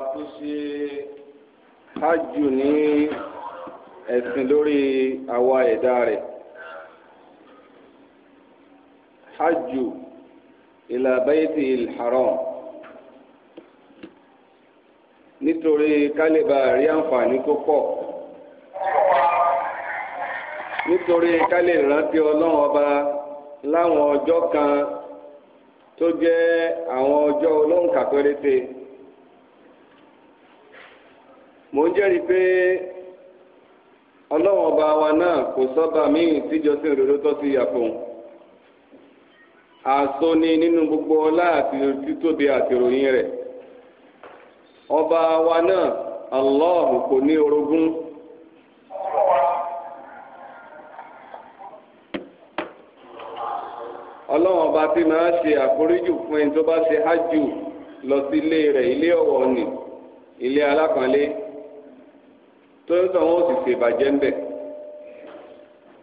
ọba tó ṣe hajj ní ẹ̀sìn lórí àwa ẹ̀dá rẹ̀ hajj ila bayti al-haram nítorí kálíbà rí àǹfààní tó pọ̀ nítorí kálí ìrántí ọlọ́run ọba láwọn ọjọ́ kan tó jẹ́ àwọn ọjọ́ olóǹkà péréte. mò ń jẹ́rìí pé ọlọ́run ọba wa náà kò sọ́ba míì tíjọsìn òdodo tó ti yàtọ̀ àsọ ni nínú gbogbo ọlá àti títóbi àti ìròyìn rẹ̀ ọba wa náà Allah kò ní orogún. ọlọ́run ọba tí máa ṣe àforíjù fún ẹni tó bá ṣe hájù lọ sí ilé rẹ̀ ilé ọ̀wọ̀ ni ilé alákànlé. tóyótà wọn ò sì ṣe ìbàjẹ́ ńbẹ̀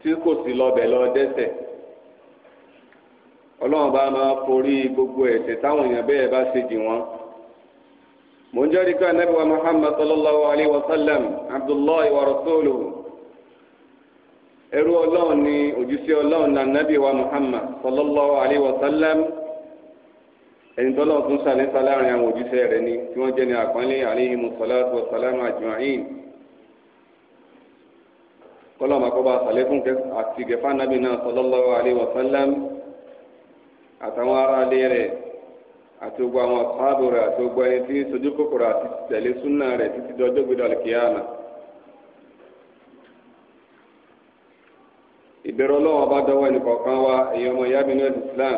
tí kò sí lọ́bẹ̀ lọ dẹ́ṣẹ̀ ọlọ́run bá máa forí gbogbo ẹ̀ṣẹ̀ táwọn èèyàn bẹ́ẹ̀ bá ṣe jì wọ́n. mo ń jẹ́rìí ká anábìwá muhammad sallallahu alayhi wa sallam abdullahi wa rasuluhu ẹrú ọlọ́run ni òjíṣẹ́ ọlọ́run náà anábìwá muhammad sallallahu alayhi wa sallam ẹni tó lọ́wọ́ tún ṣàlẹ́sà láàrin àwọn òjíṣẹ́ rẹ̀ ni tí wọ́n jẹ́ ní àpọ́nlé alayhimu salatu wa salam ajma'in kọ́lọ́ máa kọ́ bá sàlékún àti gẹ̀fà nàbì náà sallallahu alaihi wasallam àtàwọn ará ilé rẹ̀ àti gbogbo àwọn àpáàbò rẹ̀ àti gbogbo ẹni tí ń sojú kòkòrò àti tẹ̀lé súnà rẹ̀ títí dọjọ́ gbéra kíyàmá. ìbẹ̀rù ọlọ́wọ́n bá dọ́wọ́ ẹnìkọ̀ọ̀kan wa èyí ọmọ ìyá mi ní ẹ̀sìn Islam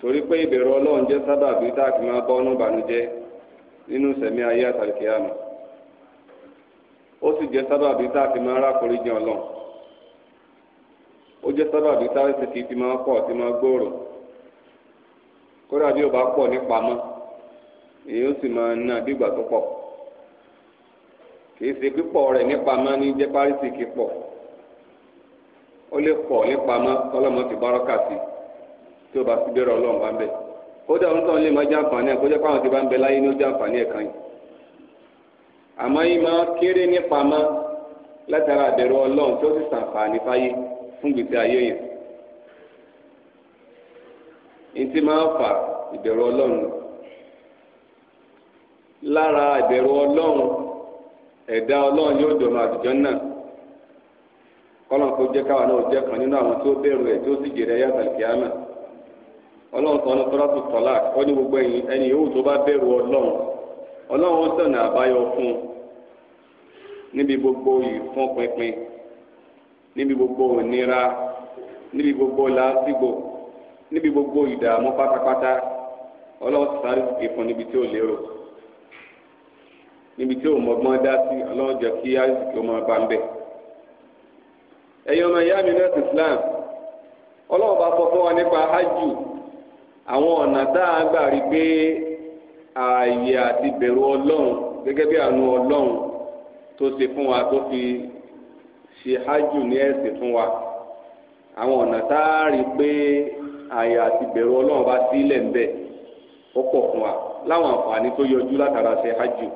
torí pé ìbẹ̀rù ọlọ́run jẹ́ sábàbí tá a máa bọ́ ọ́nú ìbànújẹ́ nínú sẹ̀mí ayé àtàlùkíyàmá. ó sì je sábàbí tá a ti máa rákòrí jẹun ọlọ ó jẹ́ sábàbí tá a fi ti máa pọ ti máa gbòòrò kódà bí ó bá pọ nípa mọ́ èyí ó sì máa ná bí tó pọ̀ kì ṣe pípọ̀ rẹ̀ nípa mọ́ ní jẹ́ párísì ó lè ti bárọ́kà sí tí ó bá bá ń kódà ó ń tọ́ àǹfààní kó ti bá ń bẹ láyé ní ó àmọ́ yín máa kéré nípa mọ́ látara àbẹ̀rù ọlọ́run tó sì sàǹfààní fáyé fún gbèsè ayé yẹn. Ntí máa fa ìbẹ̀rù ọlọ́run. Lára ìbẹ̀rù ọlọ́run ẹ̀dá ọlọ́run yóò dọ̀nà àtijọ́ náà. Kọ́lọ́n kó jẹ́ káwa náà jẹ́ kan nínú àwọn tó bẹ̀rù ẹ̀ tó sì jèrè ẹ̀yà tàlìkìámà. Ọlọ́run sọ ọ́nà tọ́lá tó tọ́lá ní gbogbo ẹ̀yìn ẹni yòówù tó bá bẹ̀rù ọlọ́run. ọlọ́run sọ̀nà àbáyọ fún un níbi gbogbo ìfọ́npinpin níbi gbogbo ìnira níbi gbogbo làásìgbò níbi gbogbo ìdààmú pátápátá ọlọ́run sáré sìkè fún níbi tí ò lérò níbi tí ò mọgbọ́n dá sí ọlọ́run jẹ́ kí àìsìkè ọmọ bá ń bẹ̀. ẹ̀yin ọmọ ìyá mi nọ́ọ̀sì Islam ọlọ́run bá sọ fún wa nípa hajj àwọn ọ̀nà tá a gbà rí pé ààyè àti bẹ̀rù ọlọ́run gẹ́gẹ́ bí àánú ọlọ́run tó ṣe fún wa tó fi ṣe ájù ní ẹ̀sìn fún wa àwọn ọ̀nà tá a rí pé ààyè àti bẹ̀rù ọlọ́run bá sílẹ̀ ń bẹ̀ ó pọ̀ fún wa láwọn àǹfààní tó yọjú látara ṣe ájù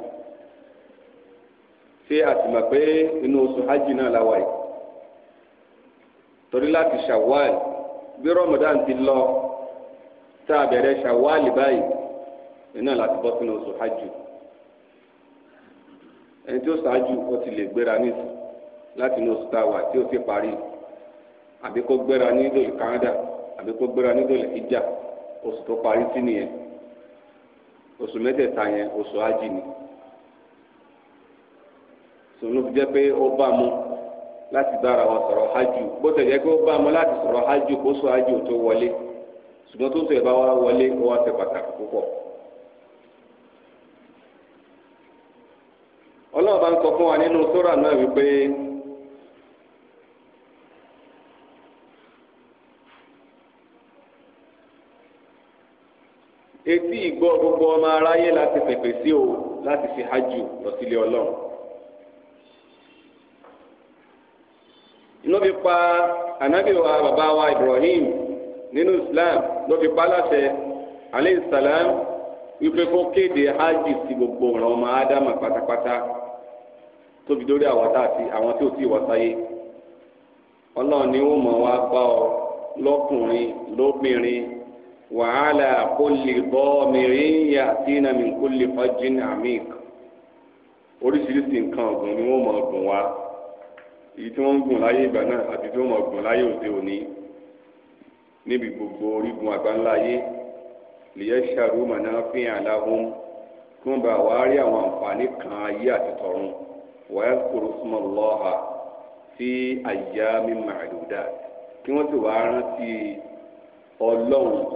ṣé a pé inú oṣù ájù náà la wà yìí torí láti ṣàwáàlì bí rọmọdán ti lọ tá a bẹ̀rẹ̀ ṣàwáàlì báyìí iná láti bọ́ sínú oṣù hajj ẹni tí ó ṣáájú ó ti lè gbéra nísìn láti inú oṣù táwa tí ó ti parí àbí kó gbéra ní ìdòlè Canada àbí kó gbéra ní ìdòlè ìjà oṣù tó parí sí nìyẹn oṣù mẹ́tẹ̀ẹ̀ta yẹn oṣù hajj ni sọlọ fi jẹ́ pé ó bá mu láti bára wa sọ̀rọ̀ hajj bó tẹ̀ jẹ́ pé ó bá mu láti sọ̀rọ̀ hajj kó sọ hajj tó wọlé ṣùgbọ́n tó tẹ̀ bá wa wọlé ó ṣe pàtàkì púpọ̀. ọlọ́run bá ń sọ fún wa nínú sóra náà wípé etí ìgbọ́ gbogbo ọmọ aráyé láti pèpè sí o láti fi hajj lọ sílé ọlọ́run. ló fi pa ànábì wa bàbá wa Ibrahim nínú Islam ló fi pa láṣẹ aleyhisalaam wípé kó kéde hajj sí gbogbo ọ̀ràn ọmọ ádámà pátápátá tóbi lórí àwàdà àti àwọn tí ò tí ì wá sáyé ọlọ́run ni wọ́n mọ̀ wá bá ọ lọ́kùnrin lóbìnrin wàhálà kulli dhamirin ya'tina min kulli fajjin amik oríṣiríṣi nǹkan ọ̀gbìn ni wọ́n mọ̀ ọ̀gbìn wá èyí tí wọ́n ń gùn láyé ìgbà náà àti tí wọ́n mọ̀ ọ̀gbìn láyé òde òní níbi gbogbo orígun àgbáńlá ayé liyashharu manafi'a lahum kí wọ́n bá wá rí àwọn àǹfààní kan ayé àti ويذكر اسم الله في أيام معدودات kí wọ́n ti wàá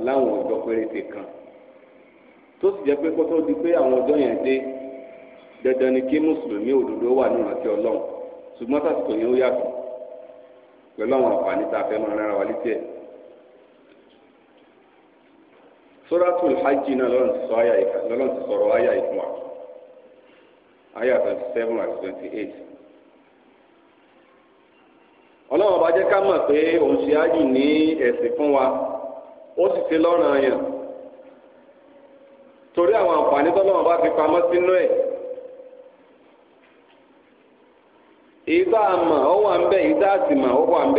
láwọn ọjọ́ péréte kan tó sì jẹ́ pé kó di pé àwọn yẹn dé dandan ni kí mùsùlùmí òdodo wà ní ìrántí ọlọ́run ṣùgbọ́n tàṣìkò yẹn ó yàtọ̀ pẹ̀lú àwọn àǹfààní tá a máa hajj náà ti sọ̀rọ̀ ayé twenty seven àti twenty eight jẹ́ ká mọ̀ pé òun ṣe ájù ní ẹ̀sìn fún wa ó sì ti lọ́rùn àyàn torí àwọn àǹfààní tọ́lọ́run bá fi pamọ́ sínú ẹ̀ èyí tá ó wà ń èyí tá mọ̀ ó wà ń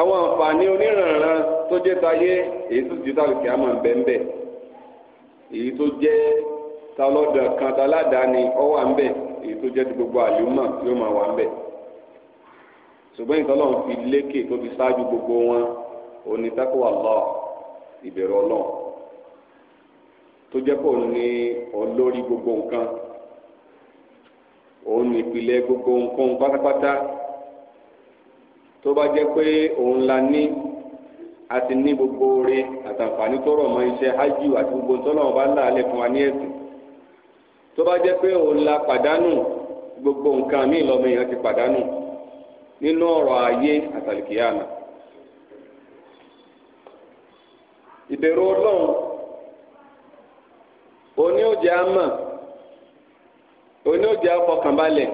àwọn àǹfààní onírànràn tó jẹ́ tayé èyí tó ti ń ń èyí tó jẹ́ talọ́dà kan taládàáni ọwà ń bẹ̀ èyí tó jẹ́ ti gbogbo àlùmọ̀ yóò máa wà ń bẹ̀ ṣùgbọ́n ìtọ́lọ́ fi lékè tó fi ṣáájú gbogbo wọn òní tako Allah ìbẹ̀rù ọlọ́run tó jẹ́ kó ní olórí gbogbo nǹkan òun ní ìpìlẹ̀ gbogbo nǹkan pátápátá tó bá jẹ́ pé òun la ní àti ní gbogbo oore àtàǹfààní tó rọ̀ mọ́ iṣẹ́ hajj àti gbogbo ntọ́lọ́wọ́n bá ń là á lẹ̀ wa ní ẹ̀sìn tó bá jẹ́ pé òun la pàdánù gbogbo nǹkan míì lọ́mọ èèyàn ti pàdánù nínú ọ̀rọ̀ ayé àtàlìkìyàmà ìbẹ̀rù ọlọ́run òní òjì àmà òní òjì àfọkànbalẹ̀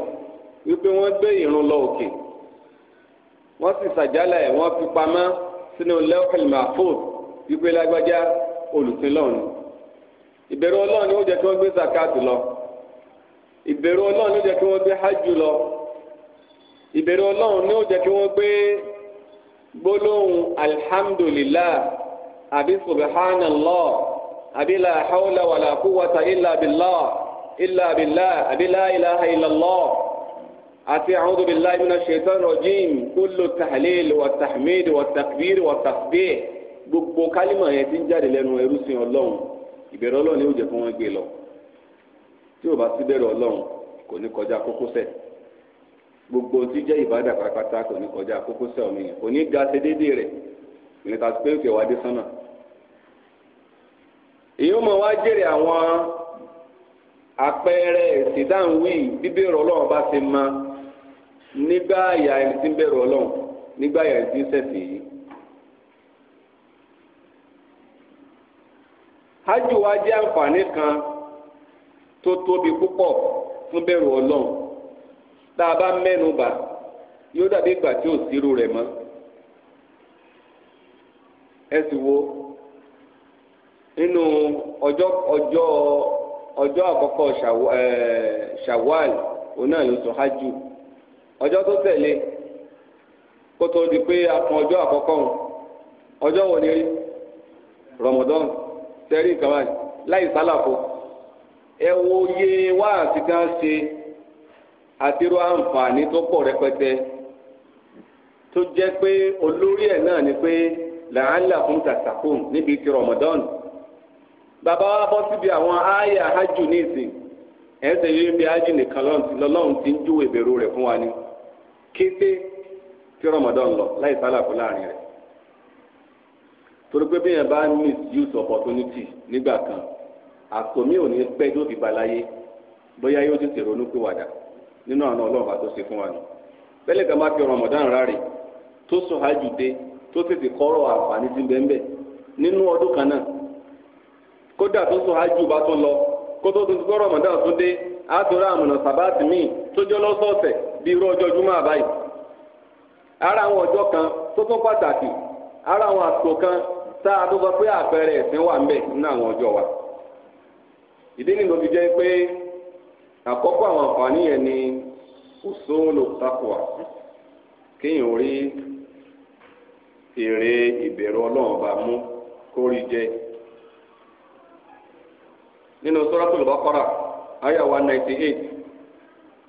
wípé wọ́n gbé ìrun lọ òkè wọ́n sì sàjálà ẹ̀ wọ́n fi pamọ́ sínú lẹ́ọ̀kẹ̀lì mahfoud wípé lágbájá olùsìn lọ́run ìbẹ̀rù ọlọ́run ni ó jẹ́ kí wọ́n gbé zakat lọ ìbẹ̀rù ọlọ́run ló jẹ́ kí wọ́n gbé hajj lọ ìbẹ̀rù ọlọ́run ló jẹ́ kí wọ́n gbé gbólóhùn alhamdulillah àbí subhanallah àbí la hawla wàlà quwwata illa billah illa billah àbí la ilaha illallah àti a'udhu billahi minash shaitanir rajim kullu tahlil wa tahmid wa gbogbo kálímà yẹn ti ń jáde lẹ́nu ẹrú sin ọlọ́run ìbẹ̀rù ọlọ́run ló jẹ́ kí wọ́n gbé lọ. tí o bá ti bẹ̀rẹ̀ ọlọ́run kò ní kọjá gbogbo ti jẹ́ ìbádà pátápátá kò ní kọjá omi kò ní ga ṣe déédéé rẹ̀ ìrìn kàtó pé òkè wa dé sánà. èyí ó mọ wá jèrè àwọn àpẹẹrẹ bíbẹ̀rẹ̀ ọlọ́run bá nígbà ẹni tí ń ọlọ́run kan tó tóbi púpọ̀ fún bẹ̀rù ọlọ́run tá a bá mẹ́nu bà yóò dàbí ìgbà tí ò sírú rẹ̀ mọ́ ẹ sì wo nínú ọjọ́ ọjọ́ ọjọ́ àkọ́kọ́ ṣàwáàlì òun náà ló sọ hájú ọjọ́ tó tẹ̀lé kó tó di pé a kan ọjọ́ àkọ́kọ́ òun ọjọ́ wo ni Ramadan sẹ́rí ìkàwé láì sálàfo ẹ wo iye wáàsí tá a ṣe àtirú àǹfààní tó pọ̀ rẹpẹtẹ tó jẹ́ pé olórí ẹ̀ náà ni pé làálà fún tàtàkùn níbi ti Ramadan bàbá wa bọ́ síbi àwọn àyà hajj ní ìsìn ẹ̀ ń sẹ́yìn ibi hajj nìkan lọ́lọ́run ti ń júwèé bẹ̀rù rẹ̀ fún wa ni kété tí Ramadan lọ láì sálàkó láàrin rẹ̀ torí pé bí yẹn bá miss use opportunity nígbà kan àtòmí ò ní pẹ́ yóò fi balayé bóyá yóò ti tèrò ní n'inu nínú àwọn ọlọ́ọ̀bá tó ṣe fún wa nù bẹ́lẹ̀ kan bá fi Ramadan rárẹ̀ tó sùn hajj dé tó tètè kọ́rọ̀ àǹfààní sí nínú ọdún kan náà kódà tó sùn hajj bá lọ kó tó tún kọ́ Ramadan tún dé àtúrà àmọ̀nà sàbáàtì míì tó lọ́sọ̀ọ̀sẹ̀ bíi irú ọjọ́ júmọ́ àbáyé ara àwọn ọjọ́ kan tó ara àwọn àsìkò kan tá a tó sọ pé àpẹẹrẹ ẹ̀sìn wà ń ìdí nìlò fi jẹ́ pé àkọ́kọ́ àwọn àǹfààní yẹn ni usulu taqwa kéèyàn rí èrè ìbẹ̀rù ọlọ́run bá mú kó rí jẹ nínú suratul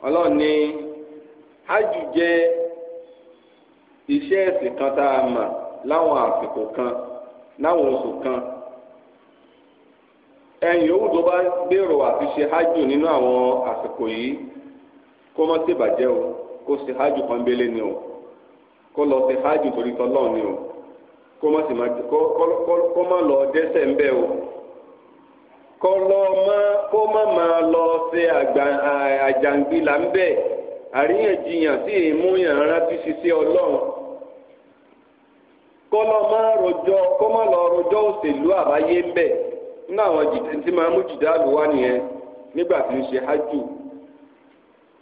ọlọ́run ní hajj jẹ́ iṣẹ́ ẹ̀sìn kan tá a láwọn àsìkò kan láwọn kan ẹ̀yin yòówù tó bá gbèrò àti ṣe hajj nínú àwọn àsìkò yìí kó má ṣe bàjẹ́ o kó ṣe hajj pọ́nbélé ni o kó lọ ṣe hajj torí tọ́lọ́ ni o kó má sì má kó má lọ dẹ́ṣẹ̀ ńbẹ̀ o kó lọ má kó má máa lọ ṣe àjàngbìlà ńbẹ̀ àríyànjiyàn sí ìmúyàn rántí ṣiṣẹ́ ọlọ́run kó lọ má rojọ́ kó má lọ rojọ́ òṣèlú àbáyé ńbẹ̀ nínú àwọn jìdí tí máa mú jìdá lò wá nìyẹn nígbà tí ń ṣe hajj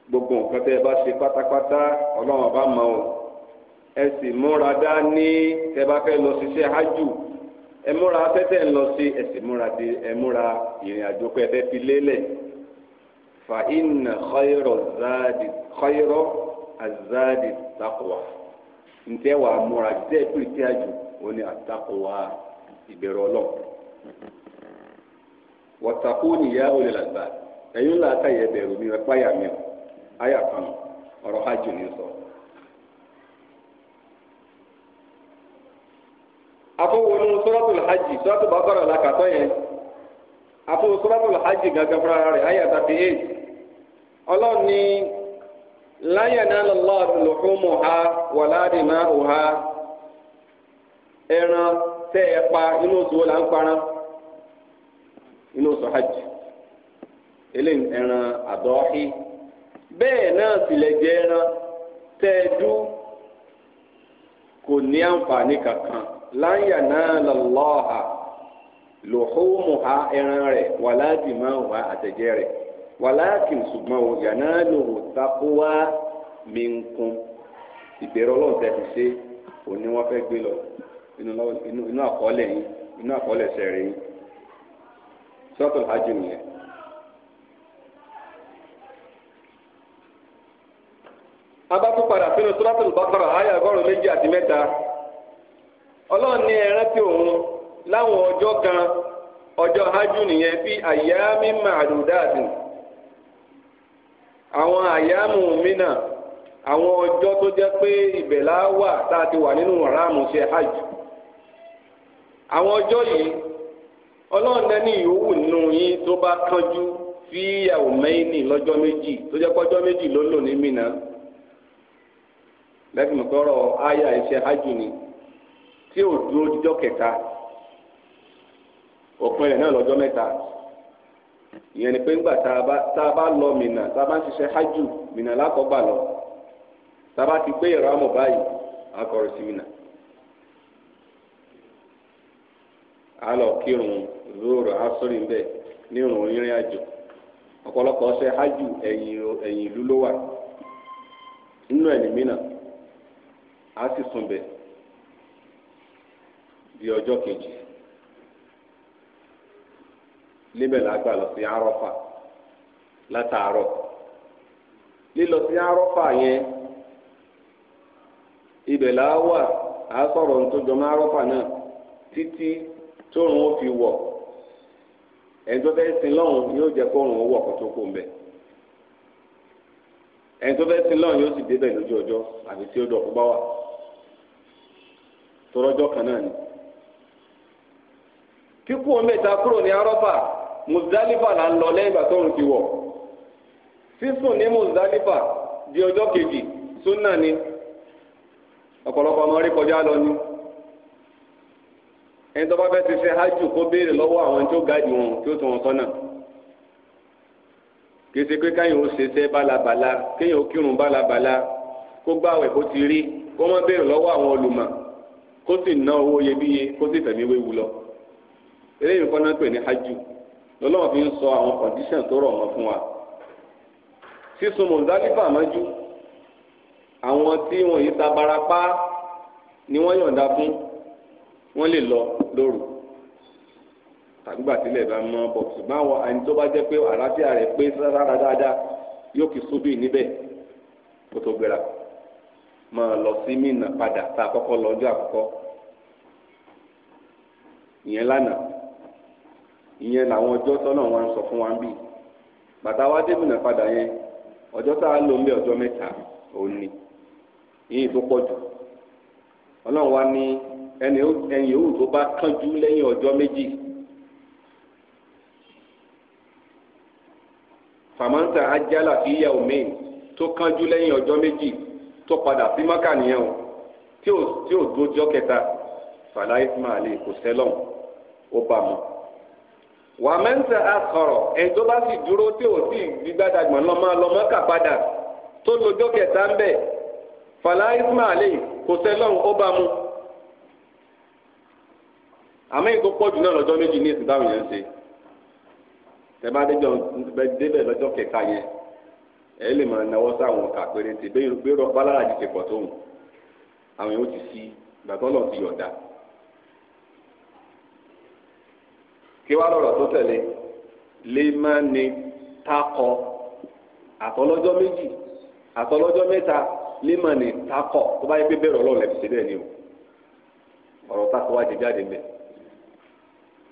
gbogbo nǹkan tẹ́ ẹ bá ṣe pátápátá ọlọ́run ọba mọ̀ ọ́ ẹ sì múra dá ní tẹ́ bá fẹ́ lọ ṣiṣẹ́ hajj ẹ múra tẹ́tẹ́ ń lọ sí ẹ sì múra dé ẹ múra ìrìn àjò pé ẹ fẹ́ fi lélẹ̀ fa inna khayro zaadi khayro azaadi wàá múra tẹ́ ẹ pè tí a jù ó ọlọ́run. wọ́tàkùnì ya olè làgbà ẹ̀yin ńlá àtàyè bẹ̀rù mi ẹ̀páyà mi ọ̀ ayà kan ọ̀rọ̀ hajj ní sọ. afọwọlú suratul hajj suratul bàbára làkàtọ́ yẹn afọwọ suratul hajj gàgà fúnra rẹ̀ ayà tàbí eight ọlọ́run láyà náà lọ́lọ́ lùhùmù ha wàládìmá òha ẹran tẹ́ ẹ pa inú oṣù inú oṣù hajj eléyìí ẹran àdọ́hí bẹ́ẹ̀ náà sì lè jẹ ẹran tẹ́ẹ̀dú kò ní àǹfààní kankan láyà náà lọ́lọ́ha lòhùnmùhà ẹran rẹ̀ wàládìmáhùhà àtẹ̀jẹ́ rẹ̀ wàlákìn ṣùgbọ́n o yàrá lòhùn takuwa minkum ìbẹ̀rẹ̀ ọlọ́run tẹ́ ti ṣe òní wọ́n fẹ́ gbé lọ inú àkọọ́lẹ̀ yín inú àkọọ́lẹ̀ sẹ̀rẹ̀ yín. sọ́tò hajj eh. padà sínú suratul Baqara àyà méjì àti mẹ́ta láwọn ọjọ́ kan ọjọ́ hajj nìyẹn fi ayyamin ma'dudatin àwọn àyàmù mina àwọn ọjọ́ tó jẹ́ pé ìbẹ̀lá wà tá a ti wà nínú ọ̀rá ṣe hajj ọlọ́run náà ní ìyówù nù yín tó bá kánjú sí ìyàwó mẹ́yìnì lọ́jọ́ méjì tó jẹ́ pọ́jọ́ méjì ló lò ní mìíràn àyà iṣẹ́ hajj ni tí ò dúró jíjọ́ kẹta òpin rẹ̀ náà lọ́jọ́ mẹ́ta ìyẹn ni pé ńgbà tá a bá lọ mìíràn tá a bá ń ṣiṣẹ́ hajj mìíràn lákọ̀ọ́gbà ti gbé báyìí akọ̀rọ̀ sí mìíràn zoro asori ń bẹ ní ìrùn ìrìn àjò ọ̀pọ̀lọpọ̀ ọsẹ hajj ẹ̀yìn ìlú ló wà nínú ẹ̀ ní sì sùn bẹ̀ di ọjọ́ kejì níbẹ̀ la gbà lọ sí arọ́fà látàárọ̀ lílọ sí arọ́fà yẹn ibẹ̀ la wà á sọ̀rọ̀ jọmọ́ arọ́fà fi wọ̀. ẹni tó fẹ́ sin lọ́hùn yóò jẹ́ kó òrùn owó ọ̀kọ́ tó kó ń bẹ̀ ẹni tó fẹ́ sin lọ́hùn yóò sì débẹ̀ lójú ọjọ́ àbí tí ó dọ̀ kó bá wà tọrọjọ́ kan náà ni. kíkú omi ìta kúrò ní arọ́fà Muzdalifa là ń lọ lẹ́yìn ìgbà tóòrùn ti wọ̀ sísùn ní Muzdalifa di ọjọ́ kejì súnà ni ọ̀pọ̀lọpọ̀ ọmọ rí kọjá lọ ni ẹni tó bá fẹ́ ti ṣe hajj kó béèrè lọ́wọ́ àwọn tó gáàdì wọn tí ó tún wọn sọ́nà kìí ṣe pé káyọ̀ ó ṣe iṣẹ́ bálabàla kéèyàn ó kírun bálabàla kó gbàwẹ̀ kó ti rí kó má béèrè lọ́wọ́ àwọn olùmọ̀ kó sì ná owó iyebíye kó sì fẹ̀mí wéwu lọ eléyìí kọ́ náà pè ní hajj lọ́lọ́wọ́ fi ń sọ àwọn condition tó rọ̀ mọ́ fún wa sísun mọ̀nzálífà mọ́jú àwọn tí wọ́n yìí ta barapá ni wọ́n yọ̀ǹda fún wọ́n lè lọ lóru tàbí gbàtílẹ̀ bá mọ bọ̀ ṣùgbọ́n àwọn àyìn tó bá jẹ́ pé àlàáfíà rẹ̀ pé sára dáadáa yóò kí sóbì níbẹ̀ kó tó gbéra máa lọ sí mìnà padà tá a kọ́kọ́ lọ ọjọ́ àkọ́kọ́ ìyẹn lánàá ìyẹn làwọn ọjọ́ tọ́nà wa ń sọ fún wa ń bì bàtà wa dé mìnà padà yẹn ọjọ́ tá a lò ń bẹ ọjọ́ mẹ́ta òun ni ìyẹn tó pọ̀ jù ọlọ́run wa ní. ẹni yòówù tó bá kánjú lẹ́yìn ọjọ́ méjì fàmáǹtà ajala fi yà omi tó kánjú lẹ́yìn ọjọ́ méjì tó padà sí mọ́kà nìyẹn o tí ò dójọ́ kẹta fàlàyé ismaili kò sẹ́lọ̀n ó bá mu wà mẹ́ńtà akọ̀rọ̀ ẹ̀ tó bá sì dúró tí ò sì gbígbádàgbọ̀n lọ́mọ lọ́mọ́kà padà tó lójọ́ kẹta ń bẹ̀ fàlàyé ismaili kò sẹ́lọ̀n ó bá mu àmọ́ èyí tó pọ̀ jù náà lọ́jọ́ méjì ní èsì táwọn yẹn ń ṣe tẹ bá débẹ̀ lọ́jọ́ kẹta yẹn ẹ lè máa náwó sáwọn kà péréte bí bálára ti ṣe pọ̀ tóun àwọn yóò ti sí gbàtọ́ lọ ti yọ̀dà. kí wàá lọ̀rọ̀ tó tẹ̀lé lè má ní takọ àtọlọ́jọ́ méjì àtọlọ́jọ́ mẹ́ta lè má ní takọ tó bá yẹ pé bẹ́ẹ̀ rọ̀ lọ́ọ̀lẹ́ ni o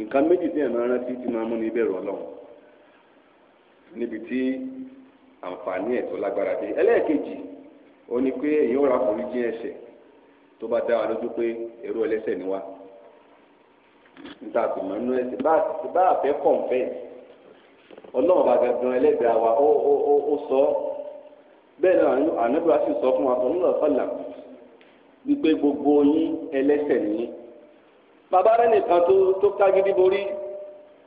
nǹkan méjì tí èèyàn máa rántí tí máa mú ní ìbẹ̀rù ọlọ́run níbi tí àǹfààní ẹ̀ tó lágbára dé ẹlẹ́ẹ̀kejì ó ní pé èyí ó ra tó bá dá wa lójú pé èrò ẹlẹ́ṣẹ̀ ni wá níta kò mọ̀ nínú ẹ̀ṣẹ̀ bá a fẹ́ kọ̀ǹfẹ́ẹ̀sì ọlọ́run bá gangan ẹlẹ́gbẹ̀ẹ́ wa ó sọ bẹ́ẹ̀ náà sì sọ fún wa gbogbo yín ẹlẹ́ṣẹ̀ nìyí bàbá rẹ nìkan tó tó kágídí borí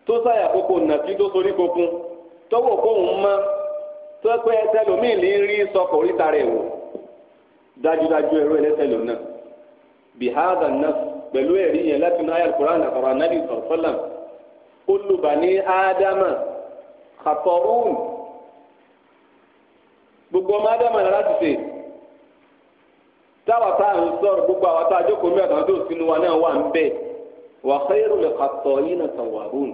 tó sáyà kókó nàkí tó sorí kokun tọwọ́ kóhùn mọ́ tó pé ẹsẹlómìn lè rí sọkọ̀ oríta rẹ̀ wò dájúdájú ẹrú ẹlẹ́sẹ̀lò náà bihada náà pẹ̀lú ẹ̀rí yẹn láti náà ayàlùkúrá nàkàrà nàbì sọ̀rọ̀sọ́làm olùbàní ádámà kàtọ́rùn gbogbo ọmọ ádámà náà láti ṣe táwa tá à ń sọ̀rọ̀ gbogbo àwọn tá a jókòó mẹ́ta tó sínú wa náà wà ń bẹ́ẹ̀ wà khairu lè kàtọ́ yín náà tàwárùn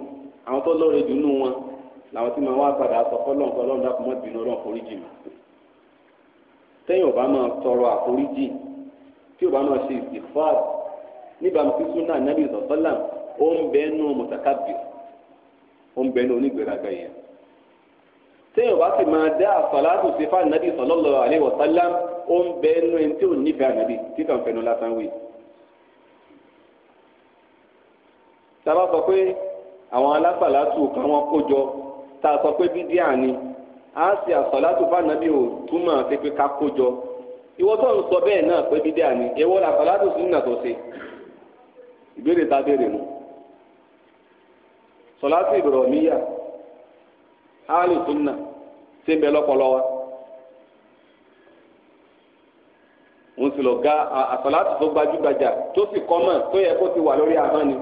àwọn tó lóore dùnú wọn làwọn tí màá wá padà sọ fọlọ́n fọlọ́n dàpọ̀ mọ́ bínú ọlọ́run foríjì mà tẹ́yìn ò bá máa tọrọ àforíjì tí ò bá máa ṣe istighfar níbàámu sí súnà nàbì sọ̀tọ́là ó ń bẹ́ẹ̀ nù ó ń bẹ́ẹ̀ nù yẹn téèyàn bá sì máa dá àsàlátù sí fáànàbì sallallahu alaihi wasallam ó ń bẹ ẹni tí ò nífẹ̀ẹ́ ànàbì tí kàn fẹnu lásán wí. sábà sọ pé àwọn alágbàlátù káwọn kó jọ tá a sọ pé bídíà ni a sì àsọlátù fànàbí ò túmọ̀ sí pé ká kó jọ ìwọ tó ń sọ bẹ́ẹ̀ náà pé ni èwo làsọlátù súnà tó ṣe ìbéèrè tá a béèrè nù sọlátù ìbùrọ̀míyà áàlù súnà ṣé ń bẹ lọ́pọ̀lọ́ sì wà lórí ahọ́n ni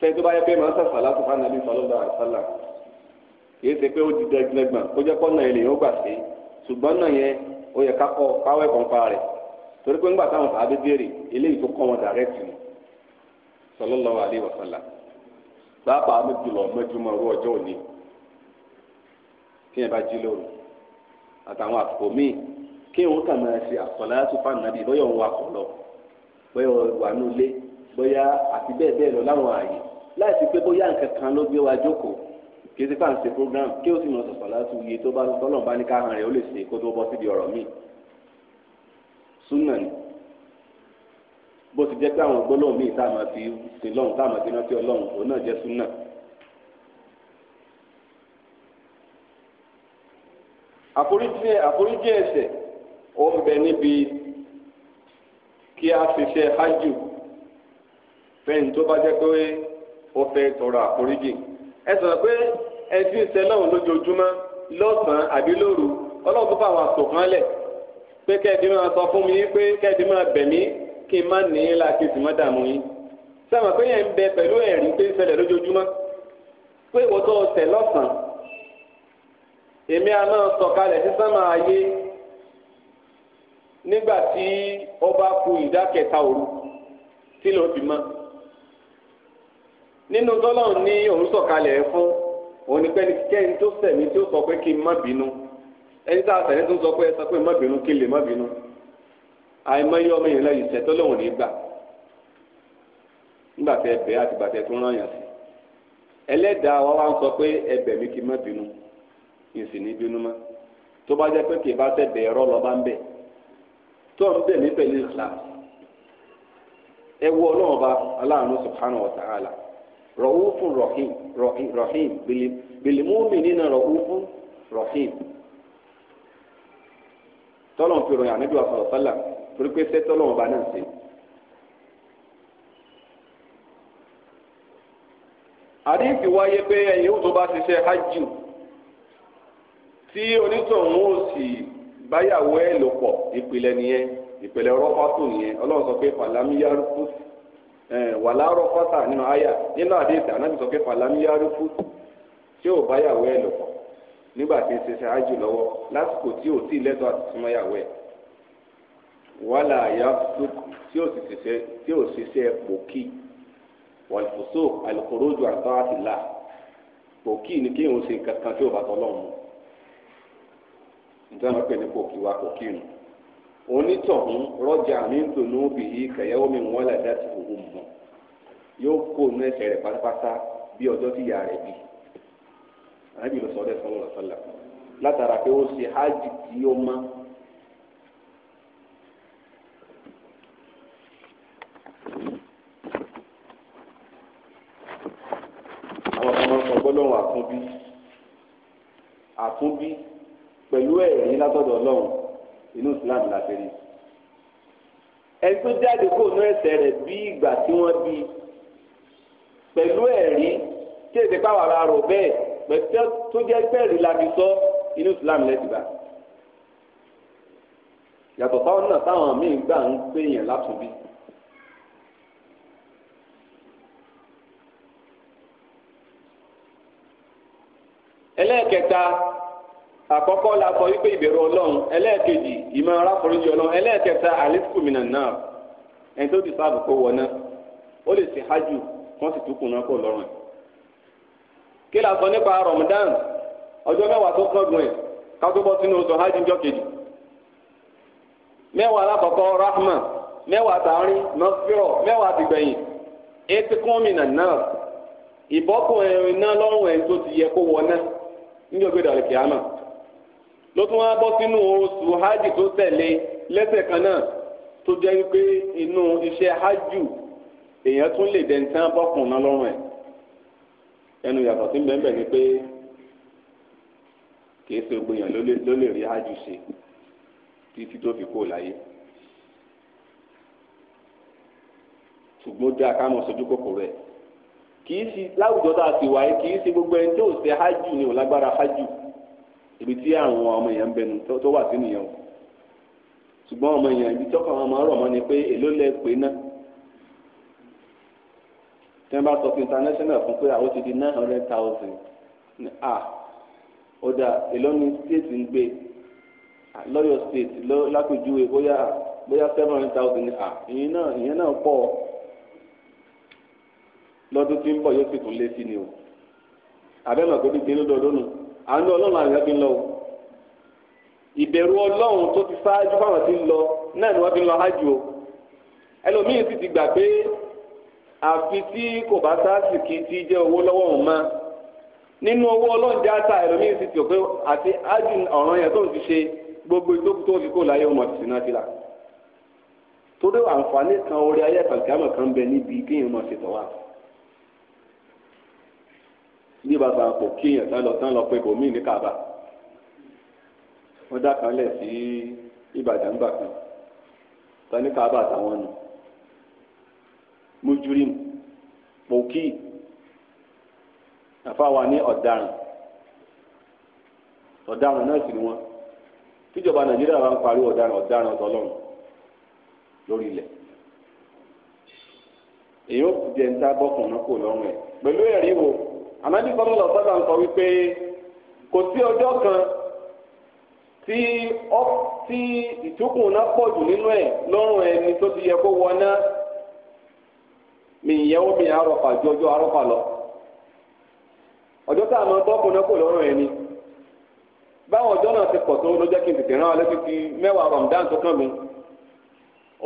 fẹ́ẹ́ tó bá yẹ pé màá sàṣà láti fún sọlọ́dọ̀ àṣàlà kìí ṣe pé ó di dẹ́gbẹ̀gbọ̀n kó jẹ́ kọ́nà ẹ̀ lèyìn ó gbà sí ṣùgbọ́n náà yẹn ó yẹ kákọ́ káwọ́ ẹ̀kọ́ nípa rẹ̀ torí pé ńgbà táwọn sàábé béèrè eléyìí tó kọ́ wọn dàrẹ́tì ni sọlọ́lọ́ àlẹ́ wàsálà bàbá mi jùlọ mẹ́jùmọ́ owó ọjọ́ òní tí yẹn bá jí lóru àtàwọn àpò míì kí wọn kà máa ṣe àkọlá tó fà nàbí bóyá òun wà kọ̀ lọ bóyá òun wà láì sí pé bóyá nǹkan kan ló gbé wa jókòó kí ẹsẹ̀ fáwọn ṣe program kí ó sì mọ sọ̀sọ̀ láti iye tó bá tọ́lọ̀ bá ní káhàn rẹ̀ ó lè ṣe kó tó bọ́ síbi ọ̀rọ̀ míì súnà ni bó ti jẹ́ pé àwọn gbólóhùn míì tá a máa fi sin lọ́hùn tá a máa fi rántí ọlọ́hùn òun náà jẹ́ súnà. àforíjì ẹ̀ṣẹ̀ ó ń bẹ níbi kí a fi hajj fẹ́yìn tó bá jẹ́ pé ó fẹ́ tọrọ àforíjì ẹ pé ẹni tí ń sẹ́ náà lójoojúmọ́ lọ́sàn-án àbí lẹ̀ pé kẹ́ẹ̀dì máa sọ fún mi pé kẹ́ẹ̀dì máa bẹ̀ mí kí n má ní la sì má dààmú yín pé yẹn ń bẹ pẹ̀lú ẹ̀rí pé ń lójoojúmọ́ pé tó lọ́sàn-án èmi àná sọ̀kalẹ̀ sí ọba ku ìdá kẹta òru tí fi mọ́ nínú tọ́lọ́run ní òun sọ̀kalẹ̀ fún òun ní pẹ́ni kẹ́ni tó sẹ̀mí tí ó sọ pé kí n má bínú ẹni tá a sẹ̀lẹ̀ tó sọ pé ẹ sọ pé má bínú kí lè má bínú àìmọye ọmọ ìrìnlẹ̀ yìí sẹ́tọ́ lòun ní gbà nígbà tẹ bẹ́ẹ̀ àti bàtẹ tó rán yàn sí ẹlẹ́dàá wa wá ń sọ mi kí n má bínú kí n sì ní bínú mọ́ tó bá jẹ́ rọ̀húfún rọ̀hìm rọ̀hìm bìlìmúmi nínú rọ̀húfún rọ̀hìm tọ́lọ̀n fi ròyìn ànábì ọ̀sán ọ̀sálà torí pé sẹ́tọ́lọ̀n ọba náà ṣe. àdéhùn wáyé pé ẹ̀yìn òtún bá ṣiṣẹ́ hajj tí onítọ̀hún ó sì báyàwó ẹ̀ lò pọ̀ ìpìlẹ̀ nìyẹn ìpìlẹ̀ Eh, wàlárọ̀ kọ́tà nínú àyà nínú àdéhùn anábì sọ pé fàlámíyárú fúdù tí ò báyàwó ẹ lò nígbà tí ń ṣiṣẹ́ ájì lọ́wọ́ lásìkò tí ò tí ì lẹ́tọ́ àti súnmọ́ yàwó ẹ̀ wàlà àyà tí ò sì ṣiṣẹ́ tí ò ṣiṣẹ́ pòkì wàlùfòsó àlùkòròjù àtọ́ àti là pòkì ni kéèyàn ṣe nǹkan tí ò bá tọ́ lọ́hùn nítorí wọn pè ní pòkì wa pòkì nù. onítọ̀hún rọ́jà míntò ní òbí yìí kẹ̀yẹ́wó mi wọ́n là dá òun mọ́ yóò kó inú ẹsẹ̀ rẹ̀ pátápátá bí ọjọ́ tí ìyá rẹ̀ bí ànábì ló sọ lẹ́sàn-án lọ́wọ́ sọ́là látara pé ó ṣe hajj tí ó má. àwọn kan inú islam làbẹ́ rí ẹni tó jáde kó nú ẹsẹ̀ rẹ̀ bí ìgbà tí wọ́n bí pẹ̀lú ẹ̀rí tí èdè pàwọ́ ara rò bẹ́ẹ̀ pẹ̀tẹ́ tó jẹ́ pẹ́ẹ́rì làbí sọ inú islam lẹ́sìgbà yàtọ̀ táwọn náà táwọn míì gbà ń pèèyàn látúbí. ẹlẹ́ẹ̀kẹta àkọ́kọ́ la sọ wípé ìbẹ̀rù ọlọ́run ẹlẹ́ẹ̀kejì ìmọ̀ arákùnrin yọ ọlọ́run ẹlẹ́ẹ̀kẹta alifukumina náà ẹni tó ti sáàbù kó wọná ó lè ṣe hajj wọ́n sì túkùn náà kó lọ́rùn. kí la sọ nípa Ramadan ọjọ́ mẹ́wàá tó kángun ẹ̀ ká tó bọ́ rahma mẹ́wàá tààrin mẹ́wàá náà ló tún wá bọ́ sínú oṣù hajj tó tẹ̀lé lẹ́sẹ̀ kan náà tó jẹ́ wípé inú iṣẹ́ hajj èèyàn tún lè dẹ̀ntán bọ́kùn náà lọ́rùn ẹ̀ ẹnu yàtọ̀ sí bẹ́ẹ̀ ni pé kìí ṣe gbogbo èèyàn ló lè rí hajj ṣe títí tó fi kó láyé ṣùgbọ́n dáa ká mọ̀ sójú kòkòrò ẹ̀ kìí ṣe láwùjọ tá a ti wáyé kìí ṣe gbogbo ẹni tó ṣe hajj ni ò lágbára hajj ibi tí àwọn ọmọ èèyàn ń bẹnu tó wà sínú yẹn o ṣùgbọ́n ọmọ èèyàn ibi tọ́kọ̀ àwọn ọmọ ọ̀rọ̀ mọ́ ni pé èló lẹ pé náà tí wọ́n bá sọ fún international fún pé àwọn ti di nine hundred thousand ah ó dà èló ni state ń gbé lọ́yọ̀ state lápèjúwe bóyá bóyá seven hundred thousand ah ìyẹn náà ìyẹn náà pọ̀ lọ́dún tí ń bọ̀ yóò sì tún lé sí ni o àbẹ́mọ̀ pé bí gbé lọ́dọọdún nù àánú ọlọ́run àgbà fi ń lọ o ìbẹ̀rù ọlọ́run tó ti ṣáájú fáwọn ti ń lọ náà ni wọ́n fi ń lọ hajj o ẹlòmíín sì ti gbà pé àfi tí kò bá sáàsì kì í ti jẹ́ owó lọ́wọ́ òun mọ́ nínú owó ọlọ́ọ̀dẹ́ àtà ẹlòmíín sì ti rò pé àti hajj ọ̀ràn yẹn tó ń ti ṣe gbogbo ìdókòó tó fi kó láyé ọmọ ti sinà ti là torí àǹfààní kan orí ayé àtàkì àmọ̀ kan bẹ níbi kéèyàn máa ṣètò wà. ní bàbá kò kíyàn tán lọ tán lọ pé bòmíì ní kaba wọ́n dá kan lẹ̀ sí ìbàdàn gbà tán ní kaba àtàwọn nù mujurim pòkì àfáwa ní ọ̀daràn ọ̀daràn náà sì ni wọn tíjọba nàìjíríà bá ń parí ọ̀daràn ọ̀daràn ọ̀tọ̀lọ́run lórí ilẹ̀ èyí ó jẹ́ ń ànábì sọlọ́lọ́ sọ́dà kò sí ọjọ́ kan tí ọ náà nínú ẹ̀ lọ́rùn ẹni tó ti yẹ kó wọná mi ìyẹn omi àrọ̀fà ju ọjọ́ àrọ̀fà lọ ọjọ́ tá a máa bọ́kùn náà kò lọ́rùn ẹni báwọn ọjọ́ náà ti pọ̀ tó ló kí n tètè rán alẹ́ títí mẹ́wàá tó kàn mí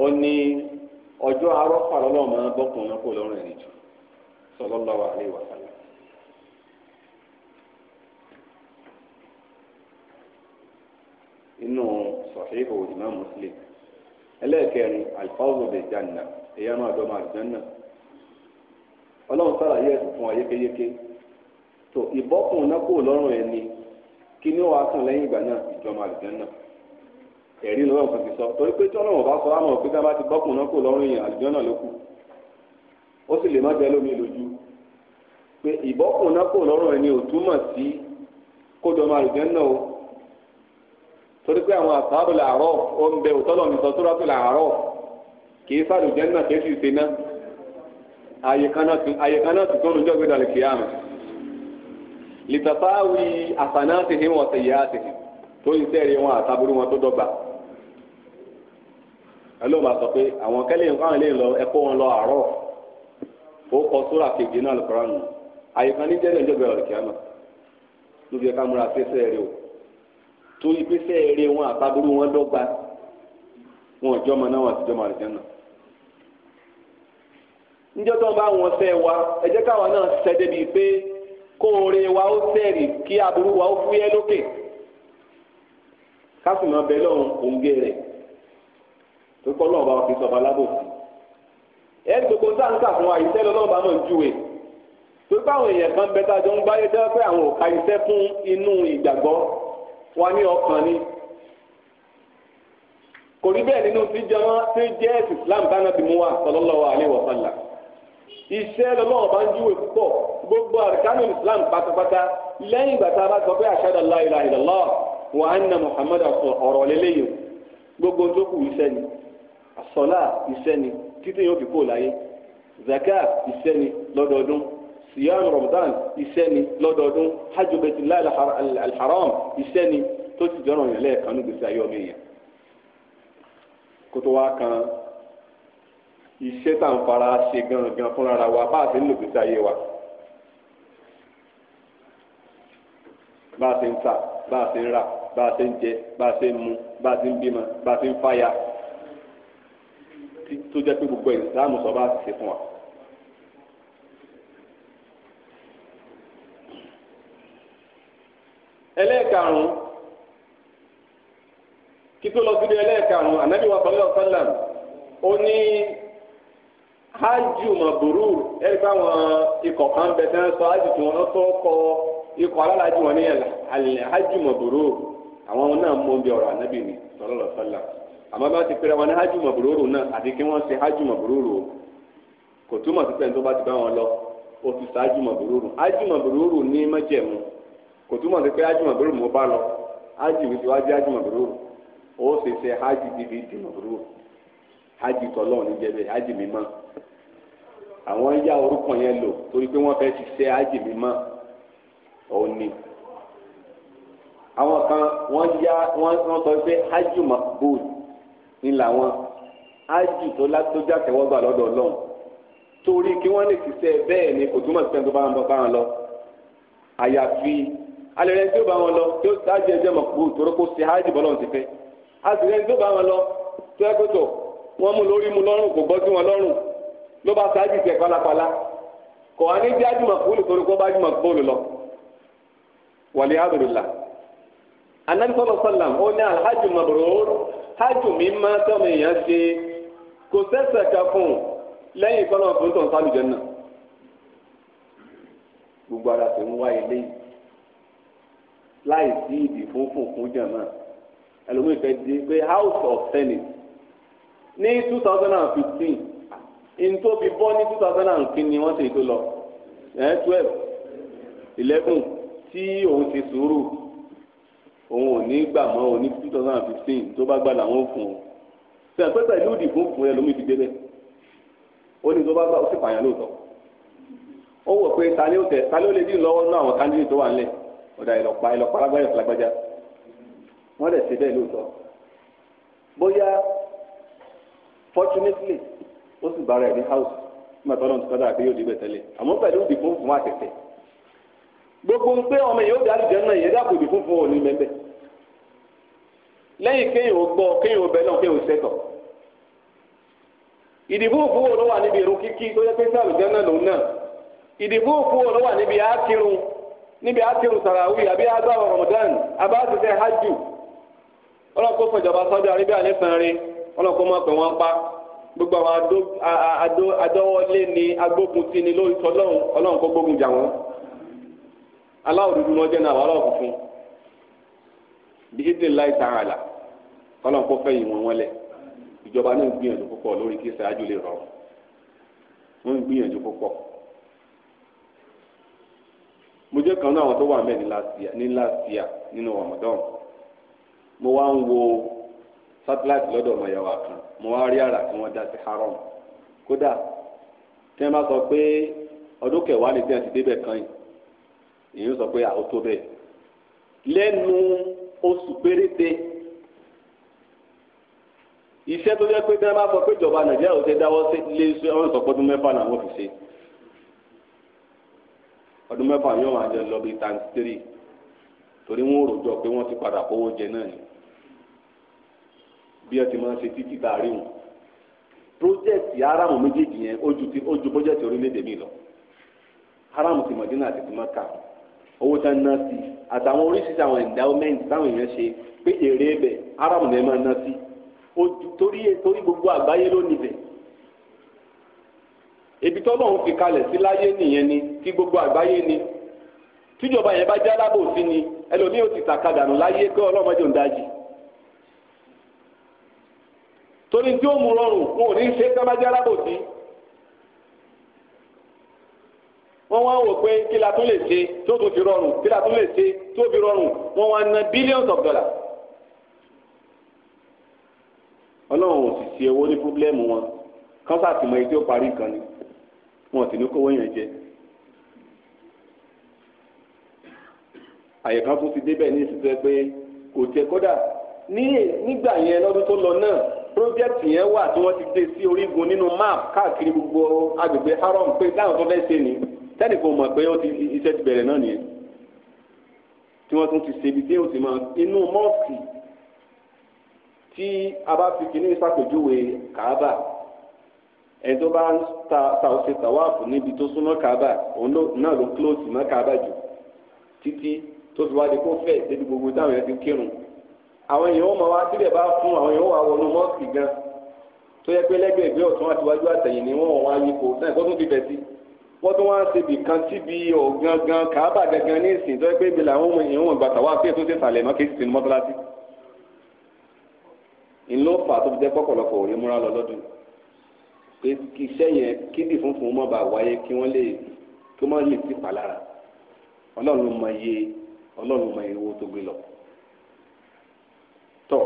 ó ní ọjọ́ àrọ̀fà máa jù inú sọ̀híhù ìmọ̀ muslim ẹlẹ́ẹ̀kẹrin alifáwọ̀ bẹ̀ jàǹnà èyí á máa dọ́ máa jàǹnà ọlọ́run sàlàyé ẹ̀sùn fún wa yékéyéké tó ìbọ́kùn náà kò lọ́rùn ẹni kí ni wàá kàn lẹ́yìn ìgbà náà ìjọba àlùjànnà ẹ̀rí lọ́wọ́ kan ti sọ torí pé tí ọlọ́run bá sọ á mọ̀ pé tá a bá ti bọ́kùn náà kò lọ́rùn yẹn ló kù ó sì lè má jẹ́ lómi lójú pé ìbọ́kùn náà kò lọ́rùn ò túmọ̀ sí kó jọba o torí pé àwọn àsáàbù làárọ̀ ó ń bẹ òtọ́lọ̀ mi sọ sóràtù làárọ̀ kì jenna sàlù jẹ́ náà na ṣe njogbe àyè kan náà tuntun lójọ́ gbé dàlẹ́ kìíyàmù lìtàfáàwì àsànáàtìhìn wọ́n ṣe yá àtìhìn tó ń sẹ́ẹ̀rì wọn àtàbúrú wọn tó dọ́gba ẹlòmà sọ pé àwọn kẹ́lẹ́ lè lọ wọn lọ àárọ̀ ó kọ sóra kejì náà lọ́kọ̀ọ́rọ́ nù àyè kan ní jẹ́ torí pé sẹ́ẹ̀rẹ̀ wọn àtàbúrú wọn dọ́gba wọn ò jọmọ náà wọn àti jọmọ àlùjá náà níjọ́ tó ń bá wọn sẹ́ wa ẹ jẹ́ káwa náà sẹ́ débi pé kóore wa ó sẹ́ẹ̀rì kí aburú wa ó fúyẹ́ lókè kásìmọ̀ bẹ́ẹ̀ lọ́hùn òǹgé rẹ̀ tó kọ́ lọ́wọ́ bá wọn fi sọ̀bà lábòsí ẹ gbogbo sáǹkà fún wa ìṣẹ́ lọ́wọ́ bá náà júwe tó báwọn èèyàn kan bẹ́ẹ̀ tá a jọ ń gbáyé dẹ́ pé àwọn ò wọn ní ọkàn ni kò rí bẹ́ẹ̀ nínú tí jama tí jẹ́ ẹ̀sìn Islam bá náà ti mú wa sallallahu alaihi wa sallam iṣẹ́ lọ́wọ́ bá ń júwe púpọ̀ gbogbo àríkánú Islam pátápátá lẹ́yìn ìgbà tá a bá sọ pé ashhadu an la ilaha illallah wa anna Muhammad ọ̀rọ̀ lélẹ́yìn gbogbo tó kù iṣẹ́ ni as iṣẹ́ ni títí yóò fi kó láyé zakat iṣẹ́ ni lọ́dọọdún siyam ramadan iṣẹ́ ni lọ́dọọdún hajj bẹtìlá alḥaram iṣẹ́ ni tó ti dọ́rọ̀ yẹn lẹ́ẹ̀kan ní gbèsè ayé ọmọ èèyàn kótó wá kan iṣẹ́ tá à ń fara ṣe gangan fúnra wa bá a ṣe ń lò gbèsè ayé wa bá a ṣe ta bá a ṣe ń rà bá a jẹ bá a ṣe mu bá a ṣe ń bímọ bá a ṣe tó jẹ́ pé gbogbo ẹ̀ ìsìlámù sọ bá a fún wa. ẹlẹ́ẹ̀karùn-ún títí lọ síbi ẹlẹ́ẹ̀karùn-ún ànábì wa sọlẹ́ ọ̀sálàm ó ní hajj maburu ẹ̀rí báwọn ikọ̀ kan bẹ tẹ́ ń sọ hajj tí wọ́n tó kọ ikọ̀ alálàájì wọn ní hajj maburu àwọn náà mú bí ọ̀rọ̀ ànábì mi sọlẹ́ ọ̀sálàm àmọ́ bá ti pèrè wọn ní hajj maburu náà àti kí wọ́n ṣe hajj maburu kò túmọ̀ sí pé tó bá ti bá wọn lọ ó ti sa hajj maburu hajj maburu ní májẹ̀mú kò túmọ̀ sí pé ájùmọ̀dúró mo bá lọ ájùmí ti wá jẹ́ ájùmọ̀dúró ó ṣe ṣe ájì bíbí dìmọ̀dúró ájì tọ́lọ́ ní jẹ́bẹ̀ ájì mímọ́ àwọn yá orúkọ yẹn lò torí pé wọ́n fẹ́ ṣiṣẹ́ ájì mímọ́ òun ni àwọn kan wọ́n yá wọ́n sọ pé ájù makbul ni làwọn ájù tó látọ́jàtẹ̀wọ́gbà lọ́dọ̀ ọlọ́run torí kí wọ́n lè ṣiṣẹ́ bẹ́ẹ̀ ni kò túmọ̀ sí pé tó bá ń bọ́ bá ń lọ àyàfi alẹ́rẹ́ tí ó bá wọn lọ tí ó sáájú ẹjẹ́ mọ̀ kú torí kó ṣe háàjì bọ́lá ọ̀hún ti fẹ́ alẹ́rẹ́ tí ó bá wọn lọ tó ẹgbẹ́tọ̀ wọ́n mú lórí mu lọ́rùn kò gbọ́ sí wọn lọ́rùn ló bá sáájú tẹ̀ pálapàla kò wá ní bí ájúmọ̀ kú torí kó bá ájúmọ̀ kú lọ. wàlẹ́ ó ní alhaji mabrur láì sí ìdí fún fòfún jẹ̀mọ́ ẹlòmíì fẹ́ di pé house of senate ní two thousand and fifteen in tó fi bọ́ ní two thousand and fifteen ni wọ́n ṣe tó lọ twelve eleven tí òun ti sùúrù òun ò ní gbà mọ́ òun ní two thousand and fifteen tó bá gbà làwọn fún un sọ pé pẹ̀lú ìdí fún fún ẹlòmíì ti débẹ̀ ó ní tó bá gbà ó sì pààyàn lóòótọ́ ó wọ̀ pé ta ni ó tẹ̀ ta ni ó lè dín lọ́wọ́ nínú àwọn kándídì tó wà nílẹ̀ ọ̀dà ìlọ̀pá ìlọ̀pá alágbáyọ̀ alágbájá wọ́n lè ṣe bẹ́ẹ̀ lóòótọ́ bóyá fortunately ó sì bára ẹ̀ ní house nígbà tó lọ́n ti kọ́dà pé yóò dìbẹ̀ tẹ́lẹ̀ àmọ́ pẹ̀lú òdì fún fún àtẹ̀tẹ̀ gbogbo ń pé ọmọ yóò dá lùjẹ́ náà yẹ dáàbò òdì fún fún òní mẹ́mbẹ́ lẹ́yìn kéèyàn ò gbọ́ kéèyàn ò bẹ náà kéèyàn ò sẹ́tọ̀ ìdìbò òfin wo ló wà níbi irun kíkí tó yẹ pé sáà lùjẹ́ náà lòun náà ìdìbò òfin wo ló wà níbi àákírun níbi àtìrù sàràwì àbí azáwọ̀ Ramadan abáṣiṣẹ́ hajj ọlọ́kọ́ fọjọba sọ́jọ́ àríbíà lẹ́sàn-án rí ọlọ́kọ́ mọ̀ pé wọ́n pa gbogbo àwọn adọ́wọ́lé ni agbógun ti ni lórí tọ́lọ́hún ọlọ́run kó gbógun jà wọ́n aláwọ̀ dúdú wọn jẹ́ náà wàhálà òfin bíi láì ta'ala ọlọ́run kó fẹ́yìn wọn wọlé ìjọba náà ń gbìyànjú púpọ̀ lórí kí ṣáájú lè rọrùn wọ́n ń gbìyànjú púpọ̀ mo jẹ́ kan náà àwọn tó wà mẹ́ẹ̀ ní last year ní last year nínú Ramadan mo wá ń wo satellite lọ́dọ̀ ọmọ ìyàwó kan mo wá rí àrà tí wọ́n dá sí haram kódà tí wọ́n bá sọ pé ọdún kẹwàá lè fi hàn ti débẹ̀ kan yìí èyí sọ pé àwọn tó bẹ́ẹ̀ lẹ́nu oṣù péréte iṣẹ́ tó jẹ́ pé tí wọ́n bá sọ pé ìjọba Nàìjíríà ò ṣe dáwọ́ sí ilé iṣẹ́ ọ̀rọ̀ ìsọpọ́dún mẹ́fà làwọn fi ṣe. ọdún mẹ́fà yóò máa jẹ lọ bí times three torí wọn ò rojọ́ pé wọ́n ti padà kówó jẹ náà ni bí ẹ ti máa ṣe títí tá wọn aramu méjèèjì yẹn ojú ju ojú orílẹ̀-èdè mi lọ aramu ti Mọ̀dínà àti ti owó tá ná sí àtàwọn oríṣiríṣi àwọn endowment táwọn èèyàn ṣe pé èrè aramu ni ẹ máa ná sí torí gbogbo àgbáyé ibi tọ́lọ́run fi kalẹ̀ sí láyé nìyẹn ni tí gbogbo àgbáyé ni tíjọba yẹn bá jẹ́ alábòsí ni ẹlòmíì ò ti tàkadànù láyé pé ọlọ́mọdé ò ń dájì torí tí ó mú rọrùn wọn ò ní ṣe tí wọ́n bá jẹ́ alábòsí wọ́n wá wò pé kí la tún lè ṣe tí ó tún fi rọrùn kí la tún lè ṣe tí ó fi rọrùn wọ́n wá ná billions of dollars ọlọ́run ò sì ṣe owó ní públẹ́mù wọn kọ́ńtà tìmọ̀ èyí tí ó parí kan ni wọn sì ní kówó yẹn jẹ. àyè kan tún ti débẹ̀ ní ìsìtẹ́ pé kò tẹ kódà ní nígbà yẹn lọ́dún tó lọ náà project yẹn wà tí wọ́n ti gbé sí orígun nínú map káàkiri gbogbo agbègbè haram pé dáhùn tó fẹ́ ṣe ni tẹ́lẹ̀ kò mọ̀ pé ó ti iṣẹ́ ti bẹ̀rẹ̀ náà nìyẹn tí wọ́n tún ti ṣe ibi tí ó sì máa inú mọ́ọ̀sì tí a bá fi kíní ìsàpèjúwe kàábà ẹni tó bá ń ta ṣe tàwáàfù níbi tó súnmọ́ kaaba òun náà ló kílòsì mọ́ kaaba jù títí tó fi wá di kó fẹ̀ débi gbogbo táwọn yẹn ti kírun àwọn èèyàn ó mọ wá síbẹ̀ bá fún àwọn èèyàn ó wà wọnú mọ́ọ̀sì gan tó yẹ pé lẹ́gbẹ̀ẹ́ ìgbé ọ̀tún àtiwájú àtẹ̀yìn ni wọ́n wá yípo náà ìkọ́ tún fi bẹ̀ sí wọ́n tún wá ń ṣe bì kan síbi ọ̀gangan kaaba gangan ní ìsìn tó yẹ pé ibi làwọn èèyàn wọn gbàtà wá fíè tó ṣe sàlẹ̀ mọ́ kéjì sínú mọ́tọ́lá sí ńlọ́fà tó fi jẹ́ pọ́pọ̀lọpọ̀ òrèmúra lọ lọ́dún pé kí iṣẹ́ yẹn kíndì funfun mọ́ bá wáyé kí wọ́n lè kí wọ́n lè ti pàlára ọlọ́run mọ iye ọlọ́run mọ iye owó tó gbé lọ. tọ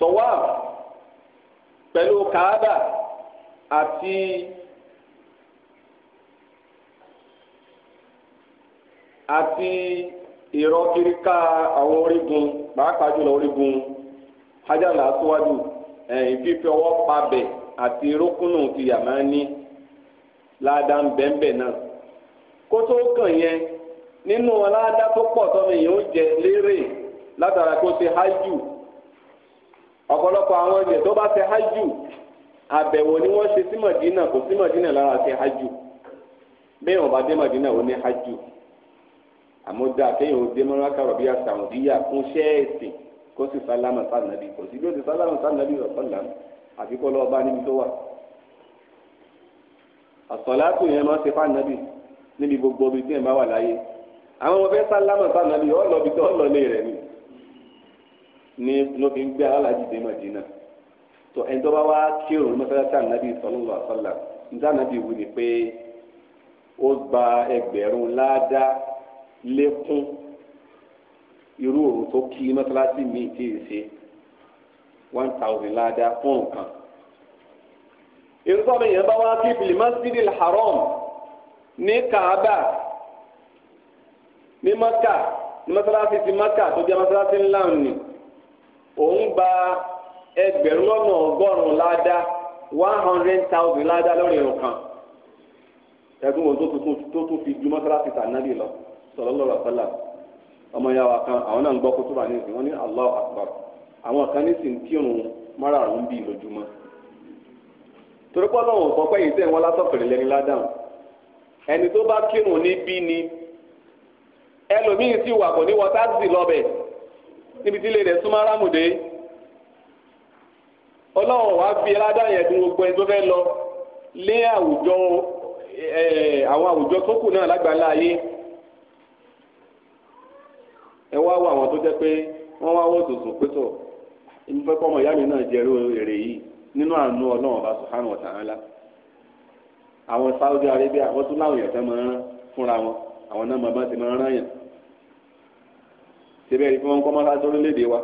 tọwá pẹ̀lú kàábà àti àti ìrọ́kiri ká àwọn orígun pàápàá jùlọ orígun hajj àlàáfíwájú. ìfífi eh, ọwọ́ pabẹ̀ àti rókùnù ti yàmání ládàá ń bẹ́ńbẹ́ náà kó tó kàn yẹn nínú ọládàá tó pọ̀ tọ́mọ èèyàn jẹ lérè látara kó ṣe hájù ọ̀pọ̀lọpọ̀ àwọn ènìyàn tó bá ṣe hájù àbẹ̀wò ni wọ́n ṣe sí Mọ̀dínà kò sí Mọ̀dínà lára ṣe hájù bẹ́ẹ̀ wọ́n bá dé Mọ̀dínà ó ní hájù àmọ́ kéèyàn ó dé kó sì sálámà sànàbí kò sí bí ó ti sálámà sànàbí ọ̀sánlá àfi kó lọ́ọ́ bá níbi tó wà. àsọ̀látò yẹn máa ń ṣe fànàbí níbi gbogbo ibi tí ẹ̀ bá wà láyé àwọn ọmọ fẹ́ sálámà sànàbí ọlọ́bi tó ọlọ́lé rẹ̀ ni ni ló fi ń gbé aláàjì dé Mádínà tó ẹni tó bá wá kírun mọ́sálásí ànàbí sọlọ́lọ́ àsọ̀lá níta ànàbí wù ní pé ó gba ẹgbẹ̀rún ládàá lékún irú òun tó kí mọ́sálásí míì tí ì ṣe one thousand láàdá fún nǹkan. irúgbọ́n yẹn bá wá sí ibìlì masjid al-haram ní kaaba ní maka ní mọ́sálásí ti maka tó jẹ́ mọ́sálásí ńlá ni òun gba ẹgbẹ̀rún lọ́nà ọgọ́rùn-ún láàdá one hundred thousand láàdá lórí nǹkan ẹ̀gbọ́n wọn tó tún fi ju mọ́sálásí tà nábì lọ sallallahu alaihi wasallam. ọmọ ya wa kan àwọn náà ń gbọ́ ní ìsìn wọn ní allah akbar àwọn kan ní sìn tí òun márààrún bíi lójúmọ́ torí pé ọlọ́run ò sọ pé tẹ̀ wọ́n lẹ́ni ẹni tó bá ni ẹlòmíín sì wà kò ní wọ táàsì lọ́bẹ̀ níbi tí ilé rẹ̀ súnmọ́ fi ládàrún yẹn dùn gbogbo ẹni tó fẹ́ lọ lé ẹ wá wọ àwọn tó jẹ́ pé wọ́n wá wọ sòsùn pé tọ̀ ìmúfẹ́ kọ́mọ ìyá mi náà jẹ́rú èrè yìí nínú àánú ọlọ́run ọba subhanahu wa ta'ala àwọn Saudi Arabia wọ́n tún láwọn èèyàn tán máa ń rán fúnra wọn àwọn náà máa bá ti máa ń rán yàn ṣe bẹ́ẹ̀ ni wọ́n ń kọ́ mọ́sálásí orílẹ̀-èdè wa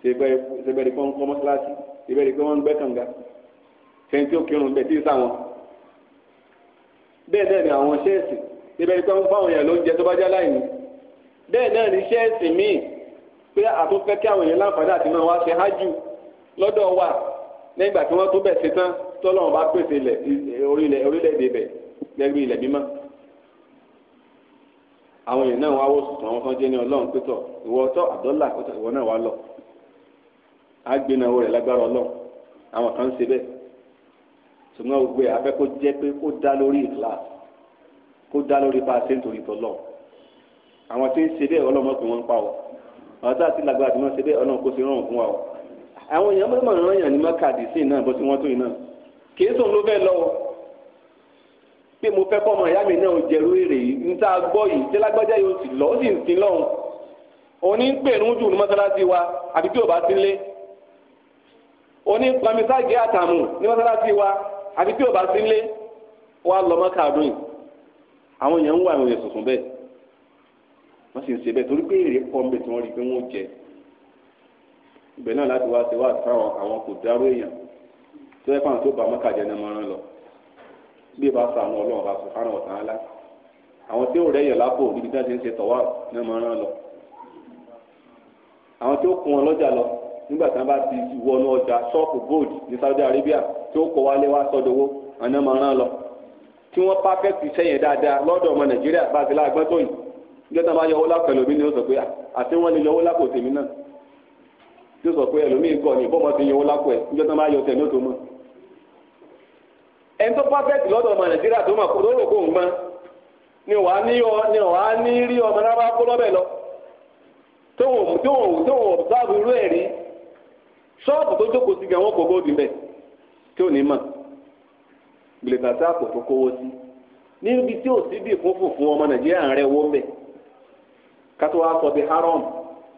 ṣe bẹ́ẹ̀ ni wọ́n ń kọ́ mọ́sálásí ṣe bẹ́ẹ̀ ni wọ́n ń gbẹ́ kànga fẹ́ntì òkèrùn bẹ́ẹ̀ tí ì sáwọn bẹ́ẹ̀ náà ni àwọn ṣẹ́ẹ̀sì ṣe bẹ́ẹ̀ ni wọ́n ń fáwọn èèyàn lóúnjẹ tó bá já láì ní bẹ́ẹ̀ náà ní ṣẹ́ẹ̀sì míì pé àtúnfẹ́ kí àwọn èèyàn láǹfààní àti máa wá ṣe hájù lọ́dọ̀ wa nígbà tí wọ́n tó bẹ̀ ṣe tán tọ́lọ́run bá pèsè orílẹ̀ èdè bẹ̀ lẹ́rú ilẹ̀ mímọ́ àwọn èèyàn náà wá wò sùn àwọn kan jẹ́ ní ọlọ́run pétọ̀ ìwọ ọtọ́ àdọ́là ìwọ náà wá lọ á gbénáwó rẹ̀ lágbára ọlọ́run àwọn kan ń ṣe bẹ́ẹ̀ ṣùgbọ́n gbogbo ẹ̀ afẹ́ kó jẹ́ pé kó dá lórí ìkìlá kó dá lórí pa ṣe nítorí tọ́lọ́run àwọn tí ń ṣe bẹ́ẹ̀ ọlọ́mọ pé wọ́n ń pa ọ àwọn tá a ti lágbára tí wọ́n ṣe bẹ́ẹ̀ ọlọ́mọ kó ṣe rọrùn fún wa o àwọn èèyàn mọ̀ mọ̀ ràn yàn ní mọ́kàdì sí iná bó ti wọ́n tó iná kì í sòun ló fẹ́ lọ́wọ́ pé mo fẹ́ kọ́mọ ìyá mi náà ò jẹ̀rú èrè yìí ní tá a gbọ́ yìí tí lágbájá yóò sì lọ́ ó sì ń sin lọ́hùn òní ń pèrún jù ní mọ́sálásí wa àbí tí ò bá sílé òní ń pamí ságé àtàmù ní mọ́sálásí wa àbí tí ò bá sílé wa lọ mọ́kàdùn yìí àwọn èèyàn ń wà àwọn èèyàn sùn bẹ́ẹ̀ wọ́n sì ń ṣe bẹ́ẹ̀ torí pé èrè pọ̀ ń bẹ tí wọ́n rí i pé wọ́n jẹ ibẹ̀ náà láti wá ṣe wá sáwọn àwọn kò dáró èèyàn tó yẹ fáwọn tó bá mọ́kàjẹ́ náà máa rán lọ bí ìbá sànù ọlọ́run bá sùn fáwọn ọ̀tàn àwọn tí ó rẹ̀ yẹ̀ lápò níbi tí wọ́n ti ń ṣe tọ̀wá náà máa rán lọ àwọn tí ó kún wọn lọ́jà lọ nígbà tí wọ́n bá ti wọnú ọjà ṣọ́ọ̀kù gold ní Saudi Arabia tí ó kọ wálé wá sọdowó àná máa rán lọ tí wọ́n pákẹ́tì iṣẹ́ yẹn dáadáa lọ́dọ̀ ọmọ Nàìjíríà bá ti láàgbọ́n tó níjọ́ tá yọ owó lápò ẹlòmíì ni ó sọ pé àti wọ́n lè yọ owó lápò tèmi náà tí ó sọ pé ẹlòmíì kọ́ ni bọ́mọ ti yọ owó lápò ẹ̀ níjọ́ tá a bá yọ tẹ̀mí ó tó mọ̀. ẹni tó pàfẹ́tì lọ́dọ̀ ọmọ nàìjíríà tó mọ̀ tó rò kó ń gbọ́n ni wàá ní ọ ni wàá ní rí ọmọ náà bá kó lọ́bẹ̀ lọ tóun tóun tóun ọ̀bùsáàbù irú ẹ̀ rí ṣọ́ọ̀bù tó jókòó sí gan wọn kò góòdì bẹ́ẹ̀ tí ò ní mọ̀ gbèlè bàtà kò tó kówó sí níbi tí ò síbì fún ọmọ nàìjíríà rẹ owó bẹ́ẹ̀ kátó wá sọ di haram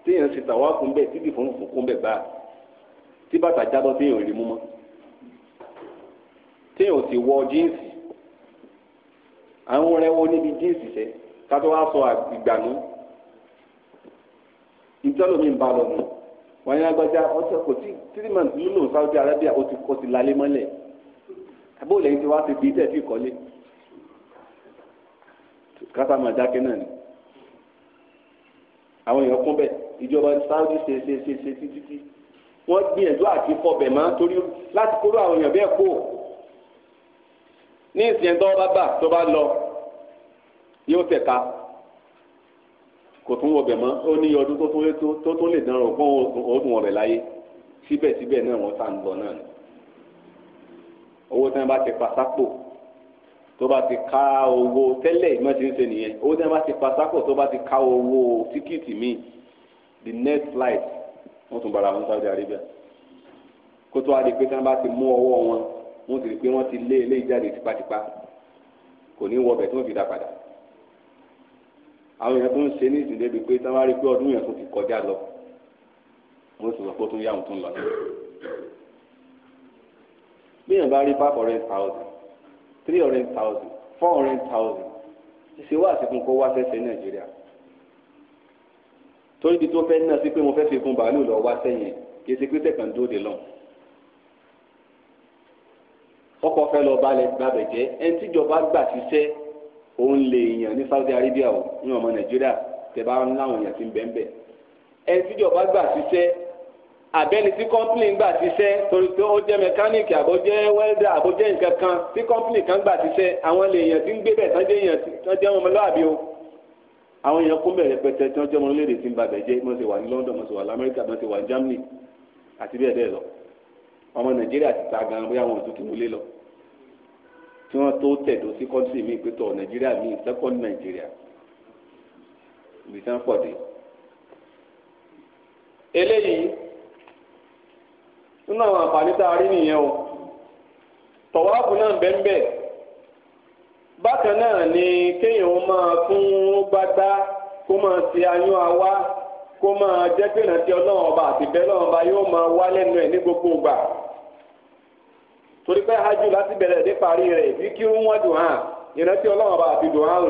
téèyàn ṣe tàwa kún bẹ́ẹ̀ tíbi fún fún kún bẹ́ẹ̀ báà tí bàtà jábọ́ téèyàn rí mú mọ́ téèyàn ò sì wọ jíǹsì àwọn rẹwọ níbi jíǹsì ṣe kátó wá sọ ìgbànú ìtọ́lómi ń bá lọ nù wọ́n yẹn agbájá ọjọ́ kò tí three nínú Saudi Arabia ó ti kó ti lálé mọ́lẹ̀ abóòlẹ́yìn tí wàá ti bí tẹ̀ fi kọ́lé kásámà dákẹ́ náà ni àwọn èèyàn kún bẹ́ẹ̀ ìjọba Saudi ṣe ṣe ṣe ṣe títí wọ́n gbìyànjú àti fọbẹ̀ mọ́ torí láti kóró àwọn èèyàn bẹ́ẹ̀ kó ní ìsìn tó bá bà tó bá lọ yóò tẹ̀ka kò tún wọbẹ̀ mọ́ ó ní ọdún tó tún lé tó tún lè dánrò fún òògùn ọ̀rẹ́ láyé síbẹ̀síbẹ̀ náà wọ́n sá ń lọ náà owó tí wọ́n bá ti pa sápò tó bá ti ka owó tẹ́lẹ̀ ìmọ̀ ti ń ṣe nìyẹn owó tí wọ́n bá ti pa sápò tó bá ti ka owó tíkìtì míì the next flight wọ́n tún bára wọn Saudi Arabia kó tó wá di pé tí wọ́n bá ti mú ọwọ́ wọn wọ́n ti rí pé wọ́n ti lé eléyìí jáde tipátipá kò ní wọbẹ̀ tí wọ́n fi dá padà àwọn èèyàn tó ń ṣe ní ìsìn débi pé tí wọ́n bá rí pé ọdún yẹn tó ti kọjá lọ wọ́n sì sọ pé ó tún yá òun tún lọ bí èèyàn bá rí five hundred thousand three hundred thousand four hundred thousand ṣe wá àfikún kó wá sẹ́sẹ̀ nàìjíríà torí ibi tó fẹ́ náà sí pé mo fẹ́ fi kún bàálù lọ wá sẹ́yìn kì í ṣe pé sẹ́kàn dóde lọ. ọkọ̀ fẹ́ lọ balẹ̀ gbàbẹ̀ jẹ́ ẹni tíjọba gbà ṣiṣẹ́ òun lè yàn ní Saudi Arabia o ní ọmọ nàìjíríà tẹ̀ bá ń láwọn èèyàn ti ń bẹ́ẹ̀ bẹ́ẹ̀ ẹni tíjọba gbà ṣiṣẹ́ àbẹ́ni tí kọ́ńpìlì ń gbà tiṣẹ́ torí pé ó jẹ́ mẹkáníìkì àbójẹ́ wẹ́lẹ́dà àbójẹ́ nǹkan kan tí kọ́ńpìlì kan gbà tiṣẹ́ àwọn ilé èèyàn tí ń gbé bẹ̀ tán jẹ́ èèyàn tán jẹ́ ọmọ ọmọlúwàbí o àwọn èèyàn kún bẹ̀rẹ̀ pẹtẹ tí wọ́n jẹ́ ọmọ orílẹ̀-èdè tí ń ba bẹ̀ jẹ́ mo ti wà ní London mo ti wà lamẹ́ríkà mo ti wà ní Germany àti bẹ́ẹ̀ bẹ́ẹ̀ lọ ọmọ Nàìjíríà ti ta gan bóyá wọn ò tún ti wọlé lọ tí wọ́n tó tẹ̀dó sí kọ́ńtì míì eléyìí nínú àwọn àǹfààní tá a rí nìyẹn o tọ̀wáàbù náà ń bẹ ń bẹ bákan náà ni kéèyàn máa fún gbádá kó máa ṣe ayún awá kó máa jẹ́ pé ìrántí ọlọ́run ọba àti bẹ́ẹ̀ ọba yóò máa wá lẹ́nu ẹ̀ ní gbogbo ìgbà torí pé hajj láti bẹ̀rẹ̀ parí rẹ̀ bí kí wọ́n dùn hàn ìrántí ọlọ́run ọba àti dùn hàn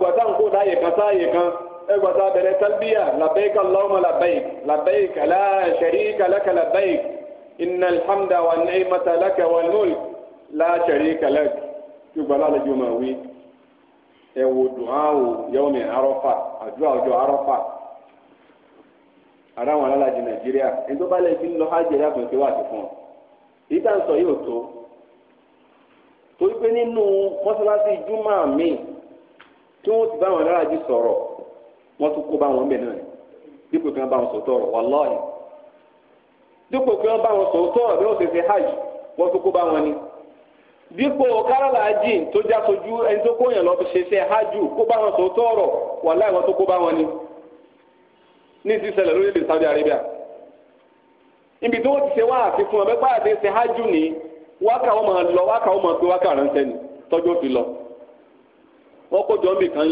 wùgbà tá a kan. ẹgbàtà bẹ̀rẹ̀ talbiya labbaik allahumma labbaik labbaik la sharika laka labbaik innal hamda wa ni'mata laka wal mulk la sharika lak tí gbala lójú ma wí ẹ wo duawo yawmi arọ́fà àdúrà ọjọ́ arọ́fà ara wọn alájì nàìjíríà ẹni tó bá lè fi ń lọ hajj ẹ̀dá wà sí fún ọ èyí tá à sọ yóò tó torí pé nínú mọ́sálásí júmọ́ mi tí wọ́n ti bá wọn alájì sọ̀rọ̀ wọ́n tún kó bá wọn bẹ̀ náà ni dípò kí wọ́n bá wọn sòótọ́ ọ̀rọ̀ wàláhì dípò kí wọ́n bá wọn sòótọ́ ọ̀rọ̀ bí wọ́n ṣe ṣe hajj wọ́n tún kó bá wọn ni dípò káràlà ajì tó já sojú ẹni tó kóyàn lọ ṣe ṣe hajj kó bá wọn sòótọ́ ọ̀rọ̀ wàláhì wọ́n tún kó bá wọn ni ní ti ṣẹlẹ̀ lórílẹ̀ Saudi Arabia ibi tí wọ́n ti ṣe wá àfikún ọ̀bẹ́ pàdé ṣe hajj ní wákà wọn máa lọ wákà wọn máa pé wákà ránṣẹ́ ni tọ́jú òfin lọ wọ́n kó jọ́ ń bì kan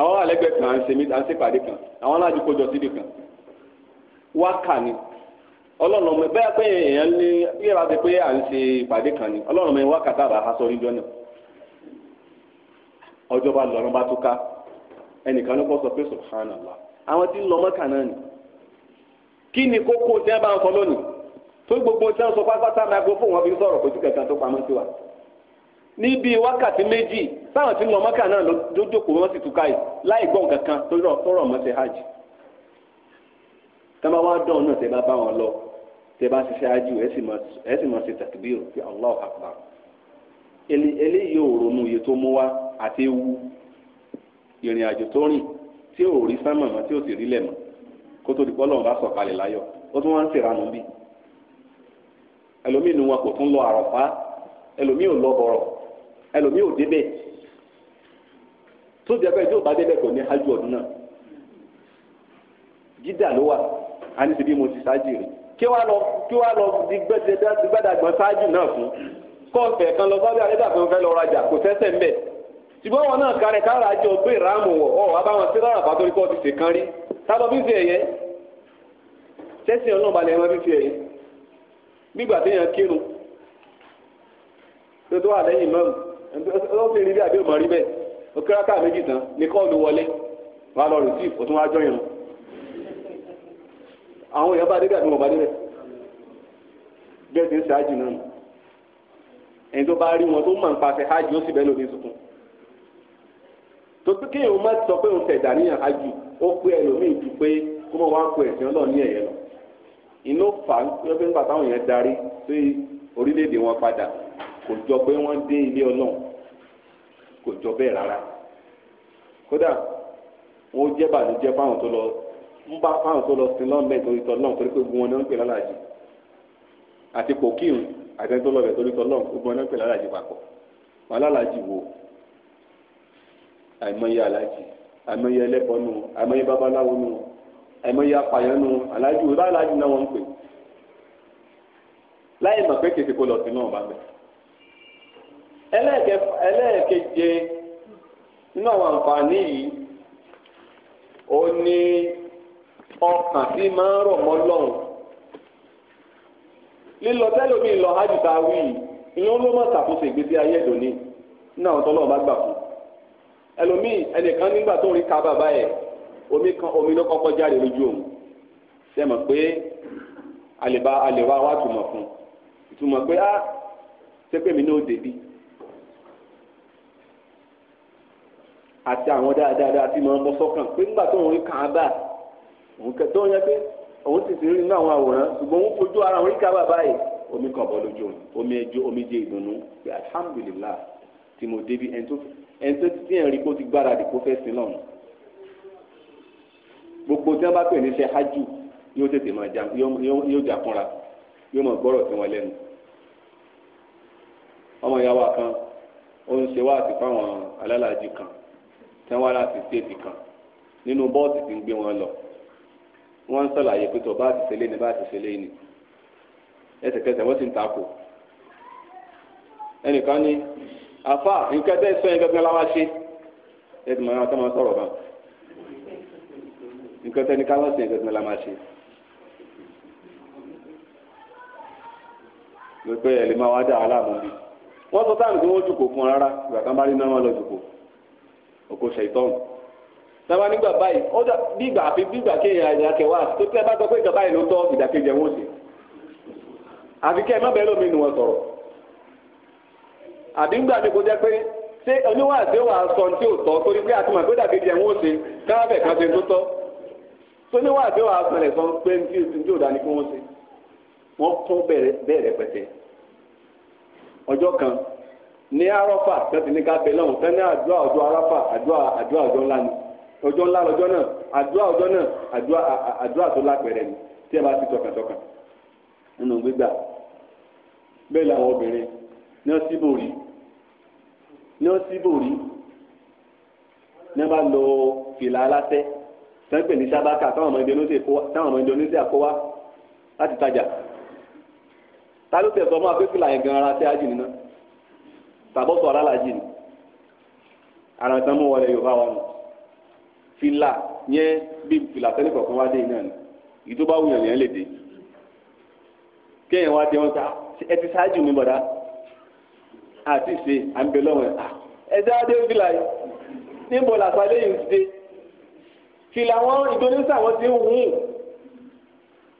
àwọn alẹ́gbẹ́ kan à ń ṣe mí à ń ṣe pàdé kan àwọn aláàjì kójọ síbi kan wá kà ní ọlọ́run ọmọ bẹ́ẹ̀ pé èèyàn ní bí ẹ bá ti pé à ń ṣe ìpàdé kan ní ọlọ́run ọmọ yẹn wá kàtà bá aṣọ orí jọ́nà ọjọ́ bá lọ́run bá tó ká ẹnìkan ló kọ́ sọ pé subhanallah àwọn tí ń lọ mọ́kà náà ni kí ni kókó tí wọ́n bá ń sọ lónìí tó gbogbo tí wọ́n sọ pátápátá microphone wọn fi sọ̀rọ̀ kò sí kẹ̀kẹ́ tó pamọ́ sí wa níbi wákàtí méjì táwọn tí ń lọ mọ́kà náà lójókòó wọ́n sì túká yìí láì gbọ́ nǹkan kan tó rọ̀ mọ́ ṣe hajj tẹ́lẹ̀ wá dán náà tẹ́ bá bá wọn lọ tẹ́ bá ṣiṣẹ́ hajj ẹ̀ sì mọ̀ ṣe takbir fi Allahu akbar eléyìí ò ronú iye tó mú wá àti ewu ìrìn àjò tó rìn tí ò rí sánmọ̀ mọ́ tí ò sì rí lẹ̀ mọ́ kó tó di pọ́lọ́n bá sọ̀kalẹ̀ láyọ̀ ó tún wá ń ṣèrànú bí ẹlòmíì nu wọn kò tún lọ àrọ̀fá ẹlòmíì ò lọ bọ̀rọ̀ ẹlòmíì ò débẹ̀ tó jẹ́ pé tí ò bá débẹ̀ kò ní hajj ọdún náà jídà ló wà á ní ti bí mo ti ṣáájú rí kí wàá lọ kí wàá lọ di gbẹdàgbọ́n ṣáájú náà fún kọ́ọ̀fẹ́ kan lọ sábẹ́ àdébà kan fẹ́ lọ rajà kò tẹ́sẹ̀ ń bẹ̀ ṣùgbọ́n wọn náà kárẹ̀ kára àjọ gbé ìráàmù wọ̀ ọ́ wàá bá wọn sí rárá pàtórí kọ́ ti ṣèkan rí sábà fífi ẹ̀yẹ sẹ́sìn ọlọ́ọ̀bà lè wọ́n fífi ẹ̀yẹ gbígbà téèyàn kírun tó tó wà lẹ́yìn mọ́mù ọlọ́sìn rí bẹ́ẹ̀ àbí ọmọ rí bẹ́ẹ̀ ó kí rákà méjì tán ní kọ́ọ̀lù wọlé wàá lọ rìsíf ó tún wá jọ ìrun àwọn èèyàn bá débẹ̀ àbí wọn bá débẹ̀ bẹ́ẹ̀ ti ń ṣáájú náà ẹni tó bá rí wọn tó mọ̀ nípa ṣe hajj ó sì bẹ́ẹ̀ lómi tuntun tó pé kéèyàn má sọ pé òun tẹ̀dá níyàn hajj ó pé ẹlòmíì ju pé kó mọ̀ wá ń pè ẹ̀sìn ọlọ́ọ̀ ní ẹ̀yẹ lọ inú fà ń pẹ́ pé nígbà táwọn èèyàn darí sí orílẹ̀-èdè wọn padà kò jọ pé wọ́n dé ilé ọlọ́run kò jọ bẹ́ẹ̀ rárá kódà wọn ó jẹ́ bàlújẹ́ fáwọn tó lọ ń bá fáwọn tó lọ sí lọ́nà torí tọ́ lọ́n torí pé gbogbo wọn ni wọ́n ń pè lálàjì àti kò kírun àtẹni tó lọ́bẹ̀ torí tọ́ lọ́n gbogbo wọn ni wọ́n ń pè lálàjì papọ̀ wọn alálàjì wo àìmọye àlàjì àìmọye ẹlẹ́bọ nù àìmọye babaláwo nù àìmọye apàyàn nù àlàjì wo bá àlàjì náà wọ́n ń pè láì mọ̀ pé kèké kó lọ sí náà bá bẹ̀rẹ̀ ẹlẹ́ẹ̀keje nínú àwọn àǹfààní yìí ó ní ọkàn tí máa ń rọ̀ mọ́ lọ́hùn lílọ tẹ́lómi lọ hajj tá a wí yìí ìyẹn ló máa ṣàkóso ìgbésí ayé ìdòní nínú àwọn tọ́lọ́ bá gbà fún ẹlòmíì ẹnìkan nígbà tó ń rí ká bàbá yẹ omi kan omi ló kọ́kọ́ jáde lójú òun ṣe mọ̀ pé àlèbá àlèwá wa túmọ̀ fún ìtumọ̀ pé á ah, ṣé mi náà débi àti àwọn dáadáa tí máa ń bọ́ sọ́kàn pé nígbà tó ń rí kàábà òun kẹtọ́ yẹn pé òun sì ti rí nínú àwọn àwòrán ṣùgbọ́n òun fojú ara òun rí kàábà báyìí omi kan bọ́ lójú òun omi ẹjọ́ omi jẹ́ ìdùnnú pé alhamdulillah tí mo débi ẹni tó ti ẹ̀rí kó ti gbáradì kó fẹ́ sí lọ́run gbogbo tí wọ́n bá pè ní iṣẹ́ hajj yóò tètè máa jà yóò jà kúnra yóò máa gbọ́rọ̀ sí wọn lẹ́nu ọmọ ìyá wa kan ó ń ṣe wá àti fáwọn alálàájì kan tẹ́ wá láti stéètì kan nínú bọ́ọ̀sì tí ń gbé wọn lọ wọ́n ń sọ̀làyé pé tó bá ti ṣe léyìn bá ti ṣe léyìn ẹsẹ̀kẹsẹ̀ wọ́n sì ń takò ẹnìkan ní afa nǹkan tẹ́ sọ yẹn gẹ́gẹ́ la wá ṣe ẹ̀dì mọ̀ àwọn akẹ́mọ̀ sọ̀rọ̀ náà nǹkan tẹ́ ní ká wá sí yẹn gẹ́gẹ́ la máa ṣe. wípé ẹ̀ lè máa wá dà á láàmú bí wọ́n sọ táàmù tí wọ́n jùkò fún ọ rárá ìgbà kan bá rí náà wọ́n lọ jùkò oko ṣètọ́n sábà nígbà báyìí ọjà bígbà àfi bígbà kéèyàn ìdákẹ́wà tó tẹ́ bá gbọ́ pé ìjọba yìí ló tọ́ ìdákẹ́jẹ wọn sí àfi kẹ́ ẹ má bẹ́ẹ̀ lómi nù wọn sọ̀rọ̀ àbí ńgbà mi kò jẹ́ pé ṣé oníwà àti ìwà sọ tí ò tọ́ torí pé àti màgbé ìdákẹ́jẹ wọn sí káwáfẹ̀ kan ṣe tó tọ́ tóníwà àti ìwà sọlẹ̀ sọ pé tí o tí o dání kí wọ́n ṣe wọ́n tún bẹ̀rẹ̀ bẹ̀rẹ̀ pẹ̀tẹ́ kan ní arọ́fà tẹ́tí ní ká bẹ̀lẹ̀ ọ̀hún tẹ́ni àdúrà ọjọ́ arọ́fà àdúrà àdúrà ọjọ́ ńlá ni ọjọ́ ńlá lọ́jọ́ náà àdúrà ọjọ́ náà àdúrà àdúrà tó lápẹ̀rẹ̀ ni tí ẹ bá ti tọkàntọkàn nínú gbígbà bẹ́ẹ̀ làwọn obìnrin ní wọ́n síbò rí ní wọ́n síbò rí ní wọ́n bá lo fìlà alátẹ́ sẹ́ńpẹ̀ ní sábàkà táwọn ọmọ Indonesia kó wá láti tajà ta ló tẹ̀ sọ fún yẹn gan ara tẹ́ ájì tàbọ̀ sọ̀rọ̀ alájì ni ara ìtàn mú wọlé yorùbá wa nù fìlà yẹn bí fìlà sẹ́ni kọ̀ọ̀kan wá dé iná ni ìdó bá wùyàn yẹn lè dé kéèyàn wá dé wọn sá ẹ ti ṣáájú mi bọ̀dá àti ṣe à ń bẹ lọ́wọ́ ẹ̀ ah, ẹ dá dé fìlà yìí níbo làtàlẹ́ yìí ti dé fìlà wọn ìdónísà wọn ti ń hùn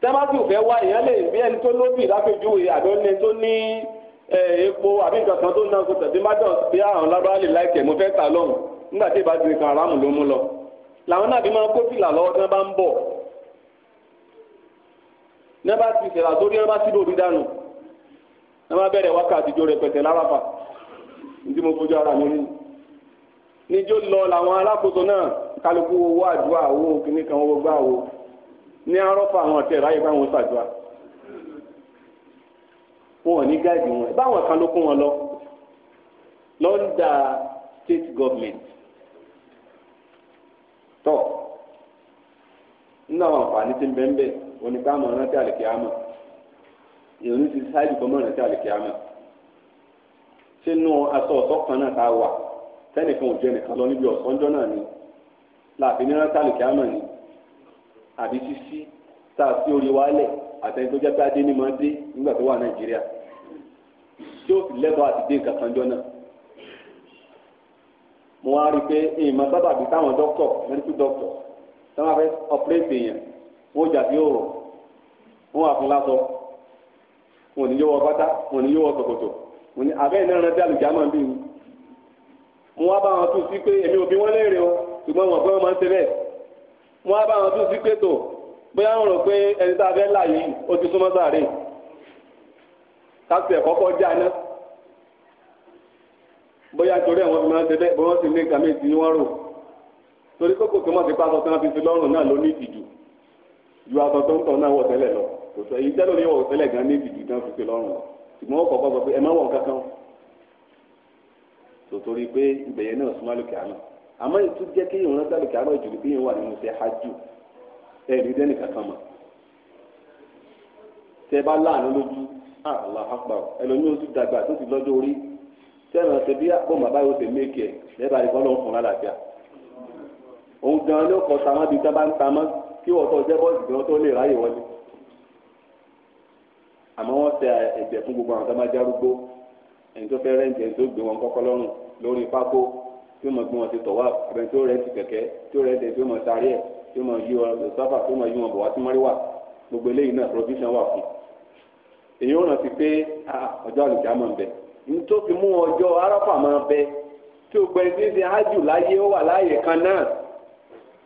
tẹ́mátì ò fẹ́ wá ìyẹn lè bí ẹni tó lóbì lápẹjúwe àbẹ́ọ́ni tó ní. epo àbí nǹkan kan tó ń náà kó tẹ̀sí mádọ̀ sí àwọn lábáàlì láìkẹ̀ mo fẹ́ tà lọ́hùn nígbà tí ìbá nìkan aráàmù ló mú lọ làwọn náà fi máa kó fìlà lọ́wọ́ tí wọ́n bá ń bọ̀ ní bá ti fìlà sórí wọ́n bá ti lòdì dànù wọ́n bá bẹ̀rẹ̀ wákàtí ní mo fojú ara mi rí níjó lọ làwọn alákòóso náà kálukú owó àdúrà owó kìnnìkan owó gbà owó ní arọ́fà àwọn ọ̀tẹ̀ ráyè báwọn ṣàdúrà wọn ò ní gáàdì wọn báwọn kan ló kó wọn lọ lọ́ndà state government tọ́ nínú àwọn àǹfààní tí ń bẹ́ẹ̀ bẹ́ẹ̀ oníkàmọ̀ rántí àlèkè àmọ̀ èèyàn ní ti sáájú kan mọ̀ rántí àlèkè àmọ̀ sínú aṣọ ọ̀sọ́ kan náà tá a wà tẹ́nìkan ò jẹ́ nìkan lọ níbi ọ̀sánjọ́ náà ni láàfin ní rántí àlèkè àmọ̀ ni àbí sísí tá a sí orí wálẹ̀ àtẹni tó adé ní máa dé nígbà tó wà Nàìjíríà tí ó fi lẹ́tọ̀ọ́ àti dé nǹkan kan jọ náà mo wá rí i pé ìmọ̀ sábà bíi táwọn dókítọ̀ medical doctor táwọn afẹ́ ọ̀pẹ́rẹ́tì èèyàn wọ́n jà sí òòrùn wọ́n wà fún lásọ wọ́n ní yóò wọ pátá wọ́n ní yóò wọ ṣòkòtò wọ́n ní abẹ́yìn náà rántí àlùjámọ̀ bí mi mo wá bá wọn tún sí pé èmi ò bí wọ́n léèrè o ṣùgbọ́n wọn pé máa ń ṣe bẹ́ẹ̀ mo wá bá wọn tún sí pé tó bóyá wọn rò pé ẹni tá a fẹ́ káfíẹ̀ kọ́kọ́ já ná bóyá torí àwọn fi máa ń ṣe bẹ́ẹ̀ bóyá wọ́n sì ní nǹkan méjì ni torí kókò tó wọ́n ti pa aṣọ tí wọ́n fi fi lọ́rùn náà ló ní ju aṣọ tó ń tọ̀ náà wọ̀ tẹ́lẹ̀ lọ kò sọ èyí tẹ́lẹ̀ ní wọ̀ tẹ́lẹ̀ gan ní ìtìjú gan fi fi lọ́rùn ṣùgbọ́n ó sọ pé ẹ má wọ̀ kankan tó torí pé allah akpa ẹlòmíì ó sì dàgbà tó ti lọ́jọ́ orí sẹ́wọ̀n ṣe bí àpò màbá yóò ṣe méèkì ẹ̀ lẹ́bàá rí fọ́lọ́ fún lálàáfíà òun gan ló kọ tamọ́ bíi tábà ń tamọ́ kí wọ́n tó jẹ́ bọ́ọ̀sì gan tó lè ráyè wọlé àmọ́ wọ́n tẹ ẹ̀jẹ̀ fún gbogbo àwọn tó bá járúgbó ẹni tó fẹ́ rẹ́ǹtì ẹni tó gbé wọn kọ́kọ́ lọ́rùn lórí pákó tí wọ́n gbé wọn ti tọ̀ wá abẹ́ni tó rẹ́ǹtì kẹ̀kẹ́ tó rẹ́ǹtì tí wọ́n sáré ẹ̀ tí wọ́n yí wọn èyí ó rántí pé ọjọ́ àlùkí máa ń bẹ nítorí fi mú ọjọ́ arápà máa bẹ tí o ájù láyé ó wà láàyè kan náà